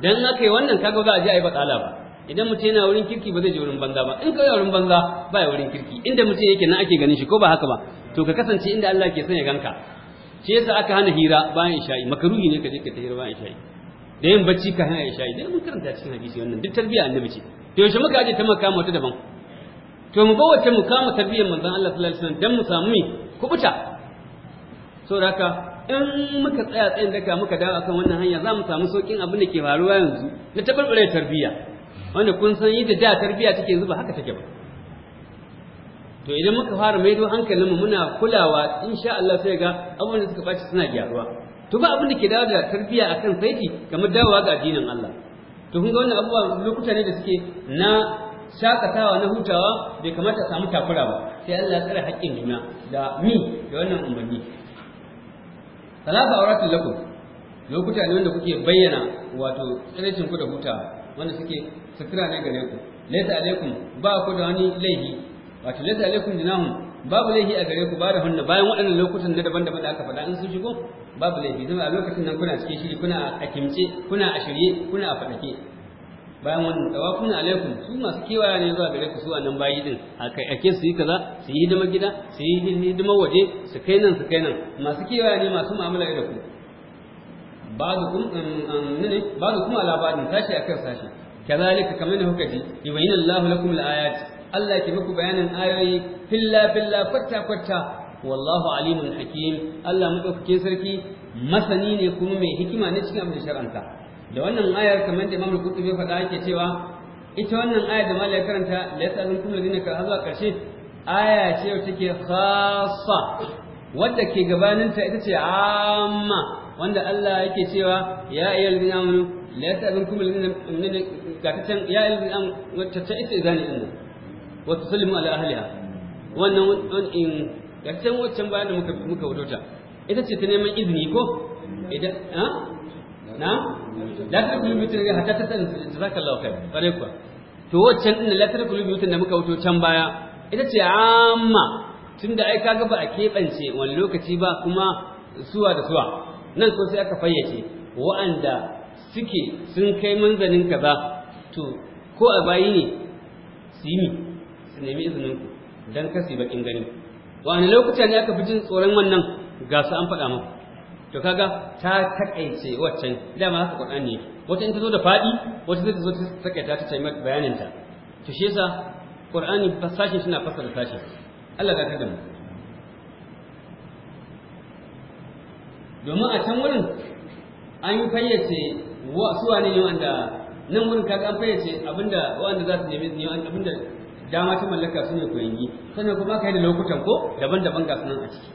dan aka yi wannan kaga za a je a yi batsala ba idan mutum yana wurin kirki ba zai je wurin banza ba in ka wurin banza ba ya wurin kirki inda mutum yake nan ake ganin shi ko ba haka ba to ka kasance inda Allah ke son ya ganka shi yasa aka hana hira bayan isha'i makaruhi ne ka je ka ta hira bayan isha'i da yin bacci ka hana isha'i da mun karanta cikin hadisi wannan duk tarbiyya annabi ce to yaushe muka aje ta maka mu ta daban to mu bawace mu kama tarbiyyar manzon Allah sallallahu alaihi wasallam dan mu samu me kubuta saboda haka in muka tsaya tsayin daka muka dawo akan wannan hanya za mu samu saukin abin da ke faruwa yanzu na tabarbare tarbiyya wanda kun san yadda da tarbiyya take zuba haka take ba to idan muka fara maido hankalinmu muna kulawa insha Allah sai ga abubuwan da suka ɓaci suna gyaruwa to ba abin da ke dawo da tarbiyya akan saiti kamar dawowa ga addinin Allah to kun ga wannan abubuwa lokuta ne da suke na shakatawa na hutawa bai kamata a samu takura ba sai Allah ya tsare haƙƙin juna da mi da wannan umarni talaba auratul lakum lokuta ne wanda kuke bayyana wato tsarecin ku da hutawa wanda suke sutura ne gare ku laysa alaikum ba ku da wani laifi wato laysa alaikum jinahum babu laifi a gare ku ba da hunna bayan waɗannan lokutan na daban-daban da aka faɗa in sun shigo babu laifi zama a lokacin nan kuna cikin shiri kuna a kimce kuna a shirye kuna a faɗake bayan wannan tawafuna alaikum su masu kewaya ne zuwa gare ku su a nan bayi din a kai ake su yi kaza su yi hidimar gida su yi hidimar waje su kai nan su kai nan masu kewaya ne masu mu'amala da ku ba'dukum um, um, ne ba'dukum ala a sashi akan sashi kazalika kamar da kuka ji yubayyinu Allahu lakum al Allah ke muku bayanin ayoyi filla filla kwatta kwatta wallahu alimul hakim Allah madaukakin sarki masani ne kuma mai hikima ne cikin abin shar'anta da wannan ayar kamar da Imam Qurtubi ya faɗa yake cewa ita wannan ayar da malai karanta la yasalun kullu dinin ka zuwa kashi aya ce take khassa Wanda ke gabaninta ita ce amma wanda Allah yake cewa ya ayyul ladina la yasalun kullu dinin ka ta ya ayyul ladina wacce ta ta ita zani din wa tusallimu ala ahliha wannan in ga can waccan bayan da muka muka wadota ita ce ta neman izini ko idan ha na la tadkhulu buyutan la hatta tasan jazakallahu khair bare to waccan din la tadkhulu buyutan da muka wato can baya ita ce amma tunda ai kaga ba a keɓance wani lokaci ba kuma suwa da suwa nan ko sai aka fayyace wa'anda suke sun kai manzanin kaza to ko a bayi ne su yi nemi izinin ku dan kasi bakin gani wani lokacin ne aka fi jin tsoron wannan ga su an faɗa muku to kaga ta takaice waccan dama haka qur'ani ne. wata in ta zo da faɗi wata zai zo ta takaita ta taimaka bayanin ta to shi yasa qur'ani fasashin suna fasara sashi Allah ga kada mu domin a can wurin an yi fayyace su wane ne wanda nan wurin kaga an fayyace abinda wanda za su nemi abinda dama ta mallaka su ne koyangi sannan kuma ka yi da lokutan ko daban-daban ga sunan a ciki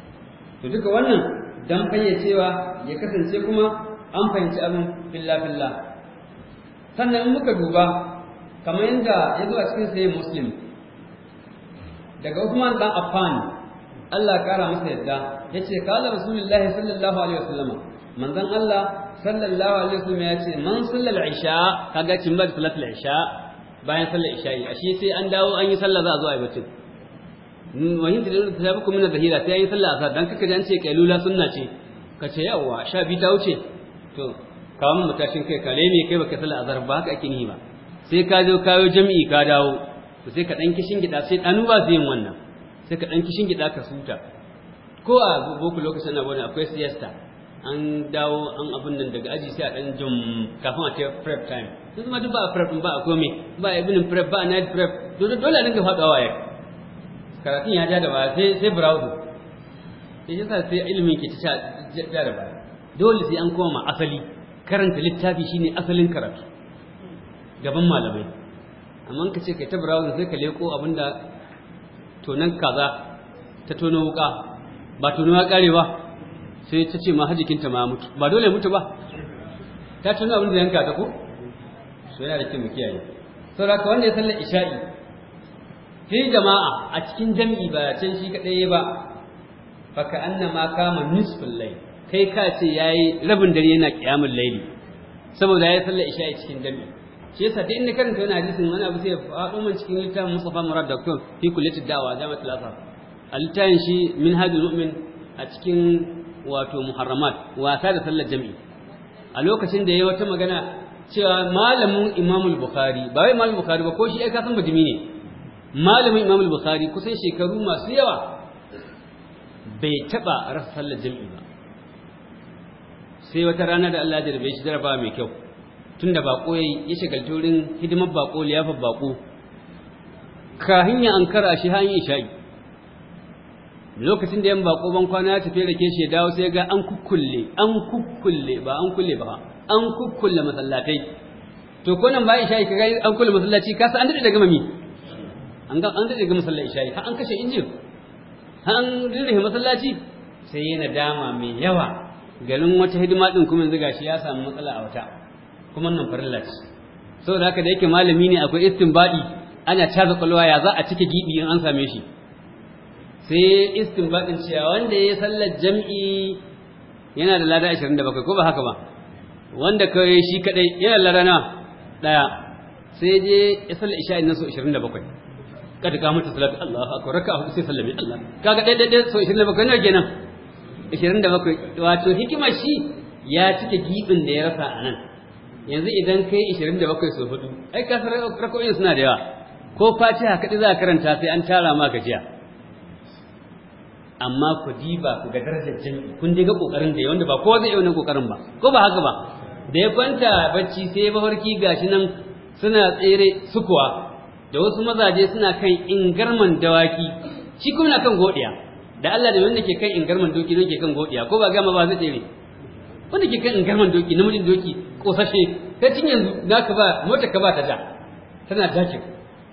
to duka wannan dan fayyacewa ya kasance kuma an fahimci abin filla-filla sannan in muka duba kamar yadda ya zo a cikin sayin muslim daga Uthman dan Affan Allah kara masa yadda ya ce kala rasulullahi sallallahu alaihi wasallam manzon Allah sallallahu alaihi wasallam ya ce man sallal isha kaga cin ba salatul isha bayan sallar isha'i ashe sai an dawo an yi sallar za a zo a yi bacci hmm, wani da ta sabu kuma na zahira sai an yi sallar asar dan kaka ji an ce kailula sunna ce ka ce yawa sha biyu ta wuce to kawo mu tashin kai kale me kai baka sallar azhar ba haka ake ni ba sai ka zo kayo jami'i ka dawo to sai ka dan kishin gida sai danu ba zai yin wannan sai ka dan kishin gida ka suta ko a boko lokacin na bane akwai siyasta an dawo an abin nan daga aji sai a ɗan jin kafin a kai prep time sun zama duk ba a prep ba a komai ba a ibinin prep ba a night prep dole dole ga dinga faɗuwa waye karatun ya ja da baya sai sai browser sai yasa sai ilimin ke ta ja da baya dole sai an koma asali karanta littafi shine asalin karatu gaban malamai amma ka ce kai ta browser sai ka leko abinda tonan kaza ta tono wuka ba tono ya kare ba sai ta ce ma hajikinta ma mutu ba dole mutu ba ta tuno abin da yanka ta ko so yana da kyau mu kiyaye saboda ka wanda ya sallar isha'i fi jama'a a cikin jami'i ba can shi kadai ba faka annama kama nisfin layl kai ka ce yayi rabin dare yana kiyamul layli saboda ya sallar isha'i cikin jami'i shi yasa duk inda karanta wani hadisin wani abu sai ya faɗo mun cikin littafin Mustafa Murad Doctor fi ta da'wa jami'atul Azhar al littafin shi minhajul mu'min a cikin wato muharramat wasa da sallar jami'i a lokacin da ya wata magana cewa malamin imamul bukhari ba wai malamin bukhari ba ko shi ai kasan bajimi ne malamin imamul bukhari kusan shekaru masu yawa bai taba rasa sallar jami'i ba sai wata rana da Allah ya jarbe shi jaraba mai kyau tunda bako yayi ya shagalta wurin hidimar bako liyafar bako kahin ya ankara shi hanyar isha'i lokacin da yan bako ban kwana ya tafi rake shi dawo sai ga an kukkulle an kukkulle ba an kulle ba an kukkulle masallatai to ko nan bai isha'i kai an kulle masallaci ka san an dade daga mami an ga an dade daga masallaci shayi. har an kashe injin Ha an rirhe masallaci sai yana dama mai yawa garin wata hidima din kuma yanzu gashi ya samu matsala a wata kuma nan farillaci saboda haka da yake malami ne akwai istinbadi ana caza kwalwa ya za a cike gibi in an same shi sai istinbadin cewa wanda ya sallar jam'i yana da lada 27 ko ba haka ba wanda kai shi kadai yana lada nawa daya sai je ya sallar isha'i nan so 27 kada ka mutu salatu Allahu akbar raka hudu sai sallame Allah kaga dai dai so 27 ne kenan 27 wato hikima shi ya cike gibin da ya rasa a nan yanzu idan kai 27 so hudu ai ka sarar rako'in suna da yawa ko fatiha kadai za ka karanta sai an tara ma gajiya amma ku diba ku ga darajar jami'i kun dai ga kokarin da ya wanda ba kowa zai yi wannan kokarin ba ko ba haka ba da ya kwanta bacci sai ya mafarki gashi nan suna tsere sukuwa da wasu mazaje suna kan ingarman dawaki shi kuma na kan godiya da Allah da wanda ke kan ingarman doki nan ke kan godiya ko ba gama ba zai tsere wanda ke kan ingarman doki namijin doki kosashe sai tun yanzu ka ba mota ka ba ta da tana dakin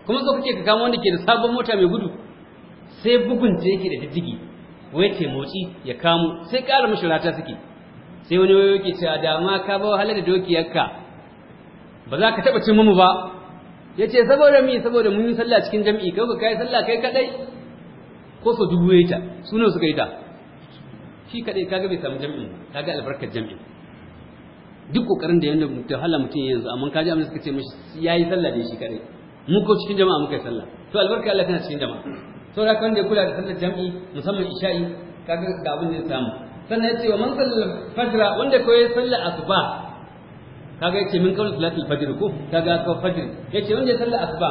kuma so kake ka kama wanda ke da sabon mota mai gudu sai bugun ta yake da diddigi wai te motsi ya kamu sai ƙara mashi rata suke sai wani wayo ke cewa da ma ka ba halar da dokiyarka ba za ka taɓa cin mu ba ya ce saboda mi saboda mun yi sallah cikin jam'i kai ka kai sallah kai kaɗai ko so dubu ya ta sunan suka yi ta shi kaɗai kaga bai samu jam'in kaga albarkar jam'i duk ƙoƙarin da yadda mutum hala mutum yanzu amma kaji amma suka ce ya yi sallah da shi kaɗai mu ko cikin jama'a muka yi sallah to albarkar Allah tana cikin jama'a saboda wanda ya kula da sallar jam'i musamman isha'i kaga ga abin da ya samu sannan ya ce wa man sallar fajira wanda ko ya sallar asuba kaga ya ce min kawai salatul fajr ko kaga ka fajr ce wanda ya sallar asuba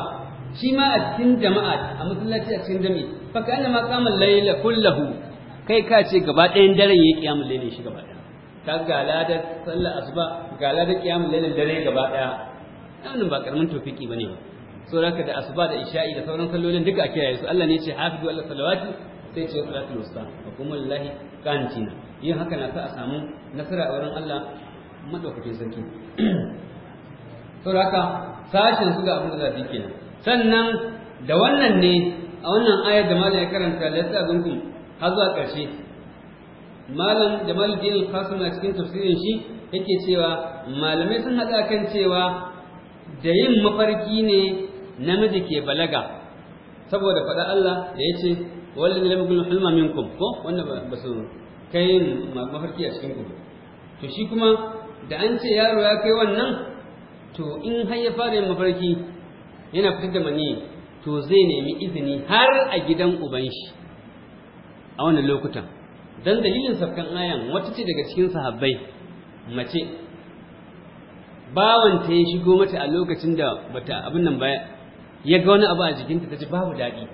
shi ma a cikin jama'a a masallaci a cikin jami'i fa kana ma qama layla kullahu kai ka ce gaba ɗayan daren ya kiyamul layli shi gaba ɗaya ka ga ladar sallar asuba ga ladar kiyamul layli dare gaba ɗaya nan ba karamin tofiki bane ba sauranka da asuba da isha'i da sauran kallolin duka a kiyaye su Allah ne ce hafizu Allah salawati sai ce salatul wasta wa kuma lillahi qanitina yin haka na sa a samu nasara a wurin Allah madaukakin sarki (clears throat) sauraka haka sashin su ga abin da kenan sannan da wannan ne a wannan ayar da malam ya karanta lissa gunkum har zuwa ƙarshe malam jamal din kasu na cikin tafsirin shi yake cewa malamai sun haɗa kan cewa da yin mafarki ne namiji ke balaga saboda faɗa Allah da yace ce wallahi lam yakun hulma minkum ko wanda ba su kai mafarki a cikin ku to shi kuma da an ce yaro ya kai wannan to in har ya fara yin mafarki yana fitar da mani to zai nemi izini har a gidan uban shi a wannan lokutan dan dalilin safkan ayan wata ce daga cikin sahabbai mace bawanta ya shigo mata a lokacin da bata abin nan baya. ya ga wani abu a jikinta ta ji babu daɗi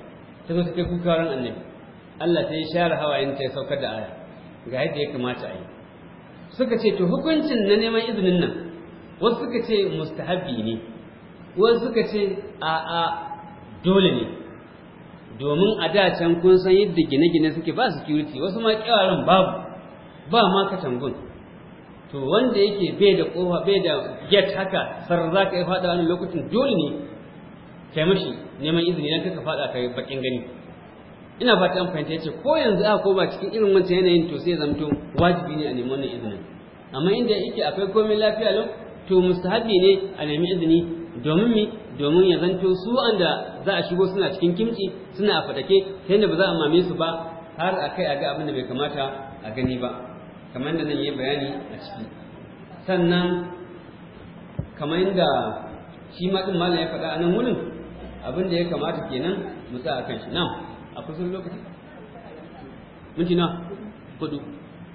ta zo ta kai kuka ran annabi Allah ta yi share hawayen ta ya saukar da aya ga yadda ya kamata a yi suka ce to hukuncin na neman izinin nan wasu suka ce mustahabi ne wasu suka ce a'a dole ne domin a da can kun san yadda gine-gine suke ba security wasu ma kyawaran babu ba ma katangun to wanda yake bai da kofa bai da get haka sar za ka yi faɗa wani lokacin dole ne kai mashi neman izini idan kaka fada kai bakin gani ina fata an fahimta yace ko yanzu aka koma cikin irin wancan yanayin to sai zamto wajibi ne a neman wannan izinin amma inda yake akwai komai lafiya lau to mustahabi ne a nemi izini domin mi domin ya zanto su anda za a shigo suna cikin kimci suna a fadake ta yadda ba za a mame su ba har a kai a ga abin da bai kamata a gani ba kamar da nan yi bayani a ciki sannan kamar yadda shi ma din malam ya faɗa a nan wurin abin da ya kamata kenan mu sa kan shi nan a kusan lokaci minti na kudu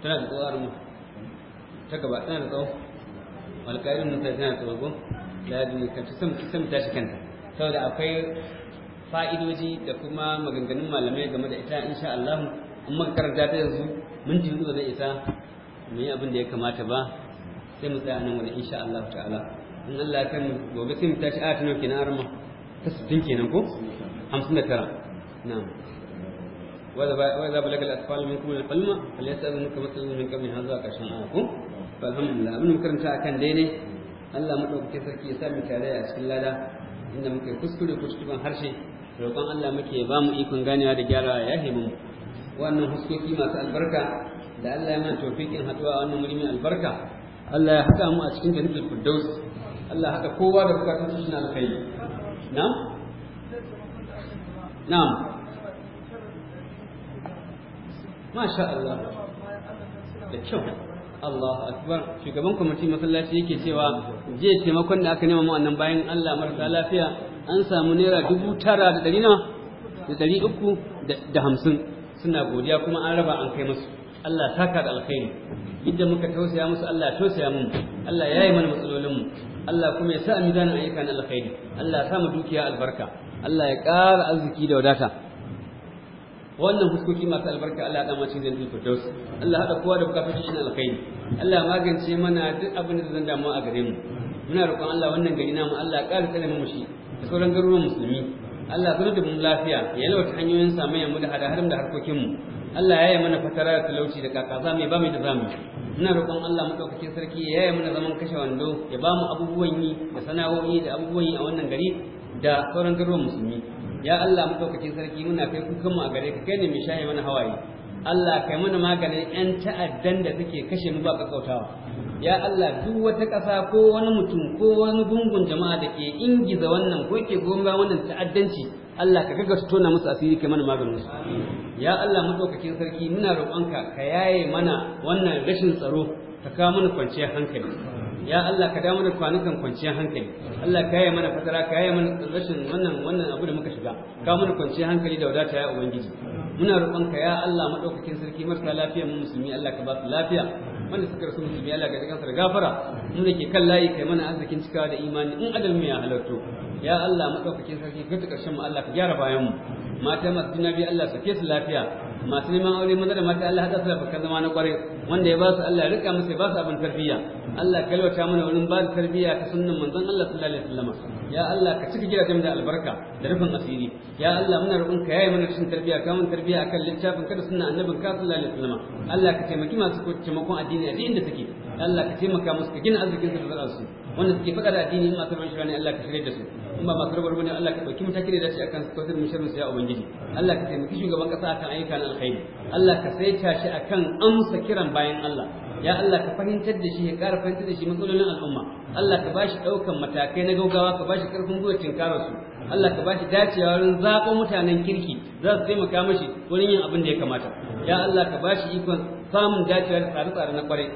tana da tsawarin mu ta gaba tana da tsawo alƙairin mun sai tana da tsawo da ya dinga kanta sam sam tashi kanta saboda akwai fa'idoji da kuma maganganun malamai game da ita insha Allah in muka karanta ta yanzu minti hudu zai isa mu yi abin da ya kamata ba sai mu tsaya nan wani insha Allah ta'ala in Allah ya kan gobe sai mu tashi a tunan kenan arma ta sittin kenan ko hamsin da tara na'am وإذا بلغ الأطفال منكم الحلم فليسألوا منك مثلا من قبل هذا كشان آكم فالحمد لله من مكرم كان ديني Allah maɗaukake sarki ya sa mu a cikin lada inda muke kuskure kuskuren harshe roƙon Allah muke bamu ikon ganewa da gyarawa ya hemu mu wannan huskoki masu albarka da Allah ya mana tawfiqin haɗuwa a wannan wuri albarka Allah ya haɗa mu a cikin jannatul firdaus Allah ya haɗa kowa da bukatun shi na نعم ما masha Allah da kyau Allah akbar shugaban kwamitin masallaci yake cewa je taimakon da aka nema mu annan bayan Allah marasa lafiya an samu naira dubu tara da ɗari nawa da ɗari uku da hamsin suna godiya kuma an raba an kai musu Allah taka da alkhairi yadda muka tausaya musu Allah tausaya mu Allah ya yi mana matsalolinmu Allah kuma ya sa mizanin ayyuka na alkhairi Allah ya sa mu dukiya albarka Allah ya ƙara arziki da wadata wannan huskoki masu albarka Allah ya dama cizon zai firdaus Allah haɗa kowa da bukatun shi na alkhairi Allah ya magance mana duk abin da zan damu a gare mu muna roƙon Allah wannan gari namu Allah ya ƙara tsare mu shi da sauran garuruwan musulmi Allah ya da mu lafiya ya yalwata hanyoyin samayyan mu da hada-hadar da harkokin mu Allah ya yi mana fatara da talauci da kakaza mai ba mai da zamu ina roƙon Allah madaukakin sarki ya yi mana zaman kashe wando ya ba mu abubuwan yi da sana'o'i da abubuwan yi a wannan gari da sauran garuruwan musulmi ya Allah madaukakin sarki muna kai kukan mu a gare ka kai ne mai shaye mana hawaye Allah kai mana maganin yan ta'addan da suke kashe mu ba kakkautawa ya Allah duk wata ƙasa ko wani mutum ko wani gungun jama'a da ke ingiza wannan ko ke gonga wannan ta'addanci Allah ka kaga su tona musu asiri kai mana maganin su ya Allah madaukakin sarki muna roƙonka ka yaye mana wannan rashin tsaro ka kawo mana kwanciyar hankali ya Allah ka dawo da kwanukan kwanciyar hankali Allah ka yaye mana fatara ka yaye mana rashin wannan wannan abu da muka shiga ka mana kwanciyar hankali da wadata ya ubangiji muna roƙonka ya Allah madaukakin sarki marka lafiya mu musulmi Allah ka ba su lafiya wanda suka rasu musulmi Allah ka ji kansa da gafara Mun da ke kan layi kai mana arzikin cikawa da imani in adalmu ya halarto ya Allah madaukakin sarki ka ta karshen mu Allah ka gyara bayan mu mata masu juna biyu Allah sake su lafiya masu neman aure maza da mata Allah hada su da bakan zama na kware wanda ya ba su Allah rika musu ya ba su abin tarbiyya Allah ka lwata mana wurin ba da tarbiyya ta sunnan manzon Allah sallallahu alaihi wasallam ya Allah ka cika gidajen da albarka da rufin asiri ya Allah muna roƙon ka yayi mana cikin tarbiyya ka mun tarbiyya akan littafin ka da sunnan annabin ka sallallahu alaihi wasallam Allah ka taimaki masu taimakon addini a duk inda take. Allah ka taimaka musu ka gina arzikin su da su wanda suke faɗa da addini in masu rubuta ne Allah ka shirya da su in ba masu rubar ne Allah ka ta mataki da dace akan su ko mu shirin su ya ubangiji Allah ka taimaki shugaban kasa akan ayyukan alkhairi Allah ka saita shi akan amsa kiran bayan Allah ya Allah ka fahimtar da shi ya ƙara fahimtar da shi matsalolin al'umma Allah ka bashi ɗaukan matakai na gaugawa ka bashi karfin gwiwa tinkarar su Allah ka bashi dacewa wurin zaɓo mutanen kirki za su taimaka mashi wurin yin abin da ya kamata ya Allah ka bashi ikon samun dacewa da tsare-tsare na kwarai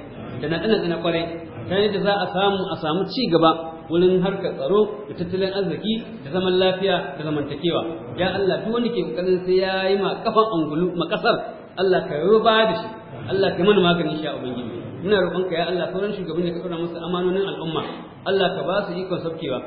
da na tsina na kwarai ta yadda za a samu a samu ci gaba wurin harkar tsaro da tattalin arziki da zaman lafiya da zamantakewa ya Allah duk wanda ke kokarin sai ya yi ma kafan angulu ma kasar Allah ka yi ba da shi Allah ka mana maganin sha ubangiji ina ka ya Allah sauran shugabanni ka tsara musu amanonin al'umma Allah ka ba su ikon sabkewa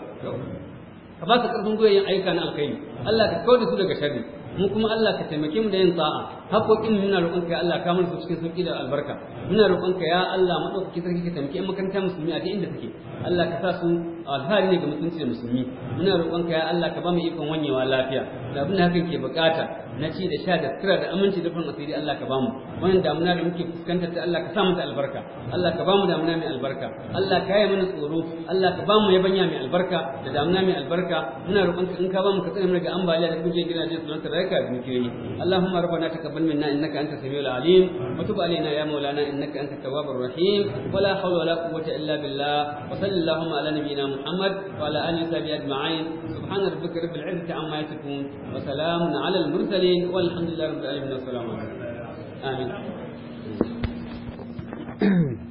ka ba su ƙarfin gwiwa yin ayyuka na alkhairi Allah ka kauda su daga sharri mu kuma Allah ka taimake mu da yin sa'a haƙoƙin muna roƙon ka ya Allah ka mana su cikin sauƙi da albarka muna roƙon ka ya Allah madaukaki sarki ka taimake ƴan makaranta musulmi a duk inda take Allah ka sa su alfahari ne ga mutunci da musulmi muna roƙonka ya Allah ka ba mu ikon wanyewa lafiya da abin da hakan ke bukata na ci da sha da sira da aminci da farin asiri Allah ka ba mu wannan damuna da muke fuskanta ta Allah ka sa da albarka Allah ka ba mu damuna mai albarka Allah ka yi mana tsoro Allah ka ba mu yabanya mai albarka da damuna mai albarka muna roƙonka in ka ba mu ka tsare mu daga ambaliya da kuje gidaje su nan tarayka dukiyoyi Allahumma rabbana taqabbal minna innaka antas samiul alim wa tub alaina ya maulana innaka antat tawwabur rahim wala hawla wala quwwata illa billah wa sallallahu ala nabiyyina محمد وعلى آله وصحبه أجمعين سبحان ربك رب العزة عما يصفون وسلام على المرسلين والحمد لله رب العالمين والسلام عليكم آمين